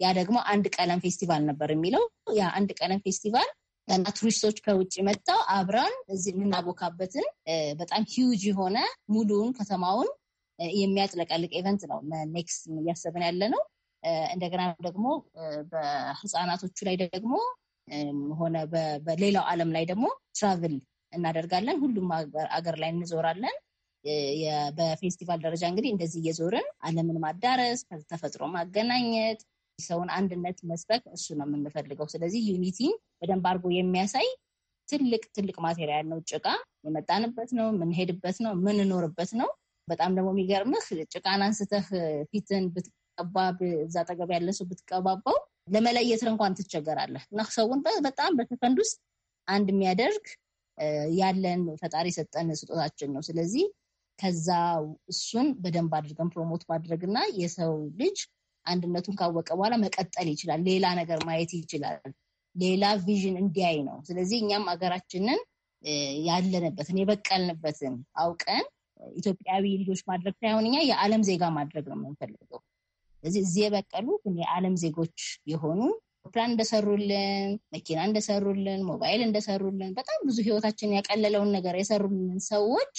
ያ ደግሞ አንድ ቀለም ፌስቲቫል ነበር የሚለው ያ አንድ ቀለም ፌስቲቫል እና ቱሪስቶች ከውጭ መጥተው አብረን እዚህ የምናቦካበትን በጣም ሂውጅ የሆነ ሙሉውን ከተማውን የሚያጥለቀልቅ ኢቨንት ነው ኔክስት እያሰብን ያለ ነው። እንደገና ደግሞ በህፃናቶቹ ላይ ደግሞ ሆነ በሌላው ዓለም ላይ ደግሞ ትራቭል እናደርጋለን። ሁሉም አገር ላይ እንዞራለን። በፌስቲቫል ደረጃ እንግዲህ እንደዚህ እየዞርን ዓለምን ማዳረስ፣ ተፈጥሮ ማገናኘት፣ ሰውን አንድነት መስበክ እሱ ነው የምንፈልገው። ስለዚህ ዩኒቲን በደንብ አድርጎ የሚያሳይ ትልቅ ትልቅ ማቴሪያል ነው። ጭቃ የመጣንበት ነው፣ የምንሄድበት ነው፣ የምንኖርበት ነው። በጣም ደግሞ የሚገርምህ ጭቃን አንስተህ ፊትን ብትቀባ እዛ አጠገብ ያለ ሰው ብትቀባባው ለመለየት እንኳን ትቸገራለህ እና ሰውን በጣም በሰከንድ ውስጥ አንድ የሚያደርግ ያለን ፈጣሪ የሰጠን ስጦታችን ነው። ስለዚህ ከዛ እሱን በደንብ አድርገን ፕሮሞት ማድረግ እና የሰው ልጅ አንድነቱን ካወቀ በኋላ መቀጠል ይችላል። ሌላ ነገር ማየት ይችላል። ሌላ ቪዥን እንዲያይ ነው። ስለዚህ እኛም ሀገራችንን ያለንበትን የበቀልንበትን አውቀን ኢትዮጵያዊ ልጆች ማድረግ ሳይሆን እኛ የዓለም ዜጋ ማድረግ ነው የምንፈልገው። ስለዚህ እዚህ የበቀሉ ግን የዓለም ዜጎች የሆኑ ፕላን እንደሰሩልን፣ መኪና እንደሰሩልን፣ ሞባይል እንደሰሩልን በጣም ብዙ ህይወታችን ያቀለለውን ነገር የሰሩልን ሰዎች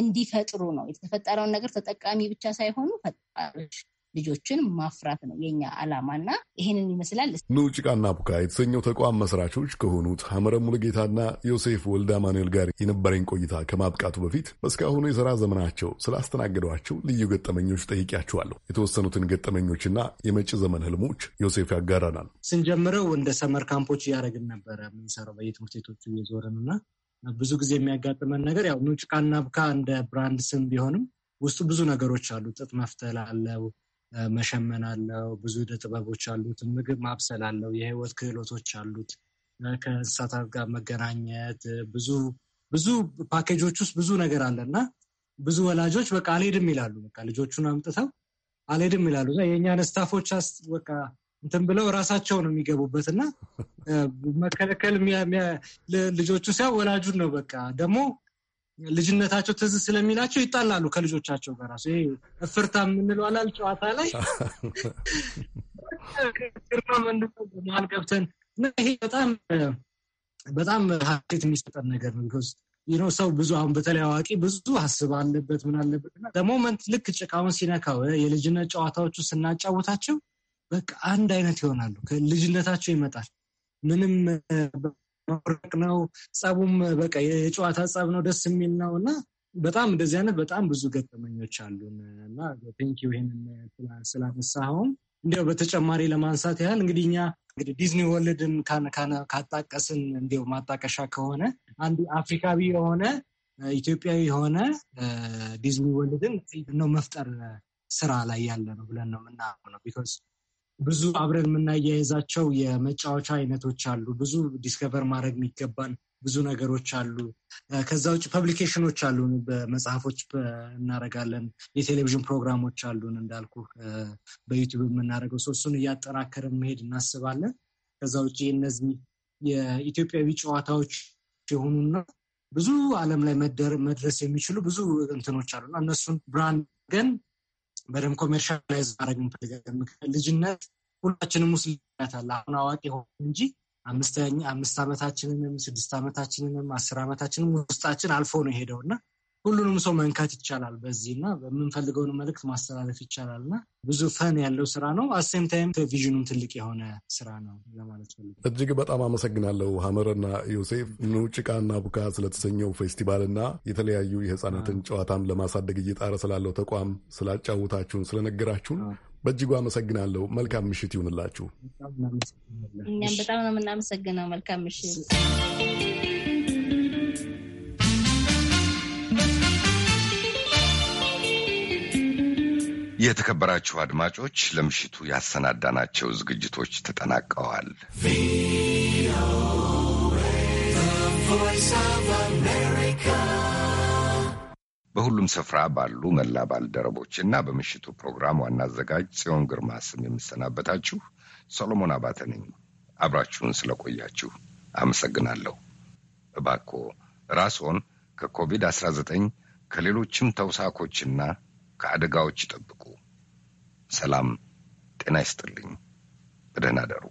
እንዲፈጥሩ ነው። የተፈጠረውን ነገር ተጠቃሚ ብቻ ሳይሆኑ ፈጣሪዎች ልጆችን ማፍራት ነው የኛ ዓላማና ይህንን ይመስላል። ኑ ጭቃና ቡካ የተሰኘው ተቋም መስራቾች ከሆኑት ሐመረ ሙሉጌታና ዮሴፍ ወልደ አማኑኤል ጋር የነበረኝ ቆይታ ከማብቃቱ በፊት እስካሁኑ የሥራ ዘመናቸው ስላስተናገዷቸው ልዩ ገጠመኞች ጠይቂያቸዋለሁ። የተወሰኑትን ገጠመኞችና የመጪ ዘመን ህልሞች ዮሴፍ ያጋራናል። ስንጀምረው እንደ ሰመር ካምፖች እያደረግን ነበረ የምንሰራው በየትምህርት ቤቶቹ እየዞርን እና ብዙ ጊዜ የሚያጋጥመን ነገር ያው ኑጭቃ ናብካ እንደ ብራንድ ስም ቢሆንም ውስጡ ብዙ ነገሮች አሉ። ጥጥ መፍተል አለው፣ መሸመን አለው፣ ብዙ ዕደ ጥበቦች አሉት፣ ምግብ ማብሰል አለው፣ የህይወት ክህሎቶች አሉት፣ ከእንስሳታት ጋር መገናኘት ብዙ ብዙ ፓኬጆች ውስጥ ብዙ ነገር አለ እና ብዙ ወላጆች በቃ አልሄድም ይላሉ። በቃ ልጆቹን አምጥተው አልሄድም ይላሉ። የእኛን ስታፎች በቃ እንትን ብለው ራሳቸው ነው የሚገቡበት እና መከለከል ልጆቹ ሲያ ወላጁን ነው በቃ ደግሞ ልጅነታቸው ትዝ ስለሚላቸው ይጣላሉ ከልጆቻቸው ጋር ራሱ ይሄ እፍርታ የምንለው አላል ጨዋታ ላይ መሀል ገብተን እና ይሄ በጣም በጣም ሀሴት የሚሰጠን ነገር ነው። ይኖ ሰው ብዙ አሁን በተለይ አዋቂ ብዙ አስብ አለበት ምን አለበት ደግሞ ልክ ጭቃውን ሲነካው የልጅነት ጨዋታዎቹ ስናጫውታቸው በቃ አንድ አይነት ይሆናሉ። ልጅነታቸው ይመጣል። ምንም መውረቅ ነው ጸቡም፣ በቃ የጨዋታ ጸብ ነው፣ ደስ የሚል ነው እና በጣም እንደዚህ አይነት በጣም ብዙ ገጠመኞች አሉን እና ቴንኪ ይህንን ስላነሳኸውም እንዲያው በተጨማሪ ለማንሳት ያህል እንግዲህ እኛ እንግዲህ ዲዝኒ ወርልድን ካጣቀስን እንዲያው ማጣቀሻ ከሆነ አንድ አፍሪካዊ የሆነ ኢትዮጵያዊ የሆነ ዲዝኒ ወርልድን ነው መፍጠር ስራ ላይ ያለ ነው ብለን ነው የምናምነው ቢኮዝ ብዙ አብረን የምናያይዛቸው የመጫወቻ አይነቶች አሉ። ብዙ ዲስከቨር ማድረግ የሚገባን ብዙ ነገሮች አሉ። ከዛ ውጭ ፐብሊኬሽኖች አሉን፣ በመጽሐፎች እናደርጋለን። የቴሌቪዥን ፕሮግራሞች አሉን እንዳልኩ በዩቲዩብ የምናደርገው ሶሱን እያጠናከርን መሄድ እናስባለን። ከዛ ውጭ እነዚህ የኢትዮጵያዊ ጨዋታዎች የሆኑና ብዙ ዓለም ላይ መድረስ የሚችሉ ብዙ እንትኖች አሉና እነሱን ብራንድ ግን በደንብ ኮሜርሻላይዝ ማድረግ እንፈልጋለን። ልጅነት ሁላችንም ውስጥ አለ። አሁን አዋቂ ሆን እንጂ አምስት ዓመታችንንም ስድስት ዓመታችንንም አስር ዓመታችንም ውስጣችን አልፎ ነው የሄደው እና ሁሉንም ሰው መንካት ይቻላል በዚህ እና በምንፈልገውን መልእክት ማስተላለፍ ይቻላል እና ብዙ ፈን ያለው ስራ ነው። አሴም ታይም ቪዥኑም ትልቅ የሆነ ስራ ነው ለማለት ፈልግ። እጅግ በጣም አመሰግናለሁ ሀመርና ዮሴፍ። ኑ ጭቃና ቡካ ስለተሰኘው ፌስቲቫልና የተለያዩ የህፃናትን ጨዋታም ለማሳደግ እየጣረ ስላለው ተቋም ስላጫውታችሁን፣ ስለነገራችሁን በእጅጉ አመሰግናለሁ። መልካም ምሽት ይሁንላችሁ። እኛም በጣም ነው የምናመሰግነው። መልካም ምሽት የተከበራችሁ አድማጮች ለምሽቱ ያሰናዳናቸው ዝግጅቶች ተጠናቀዋል። በሁሉም ስፍራ ባሉ መላ ባልደረቦችና በምሽቱ ፕሮግራም ዋና አዘጋጅ ጽዮን ግርማ ስም የምሰናበታችሁ ሰሎሞን አባተ ነኝ። አብራችሁን ስለቆያችሁ አመሰግናለሁ። እባኮ ራስዎን ከኮቪድ-19 ከሌሎችም ተውሳኮችና ከአደጋዎች ይጠብቁ። ሰላም ጤና ይስጥልኝ። በደህና ደሩ።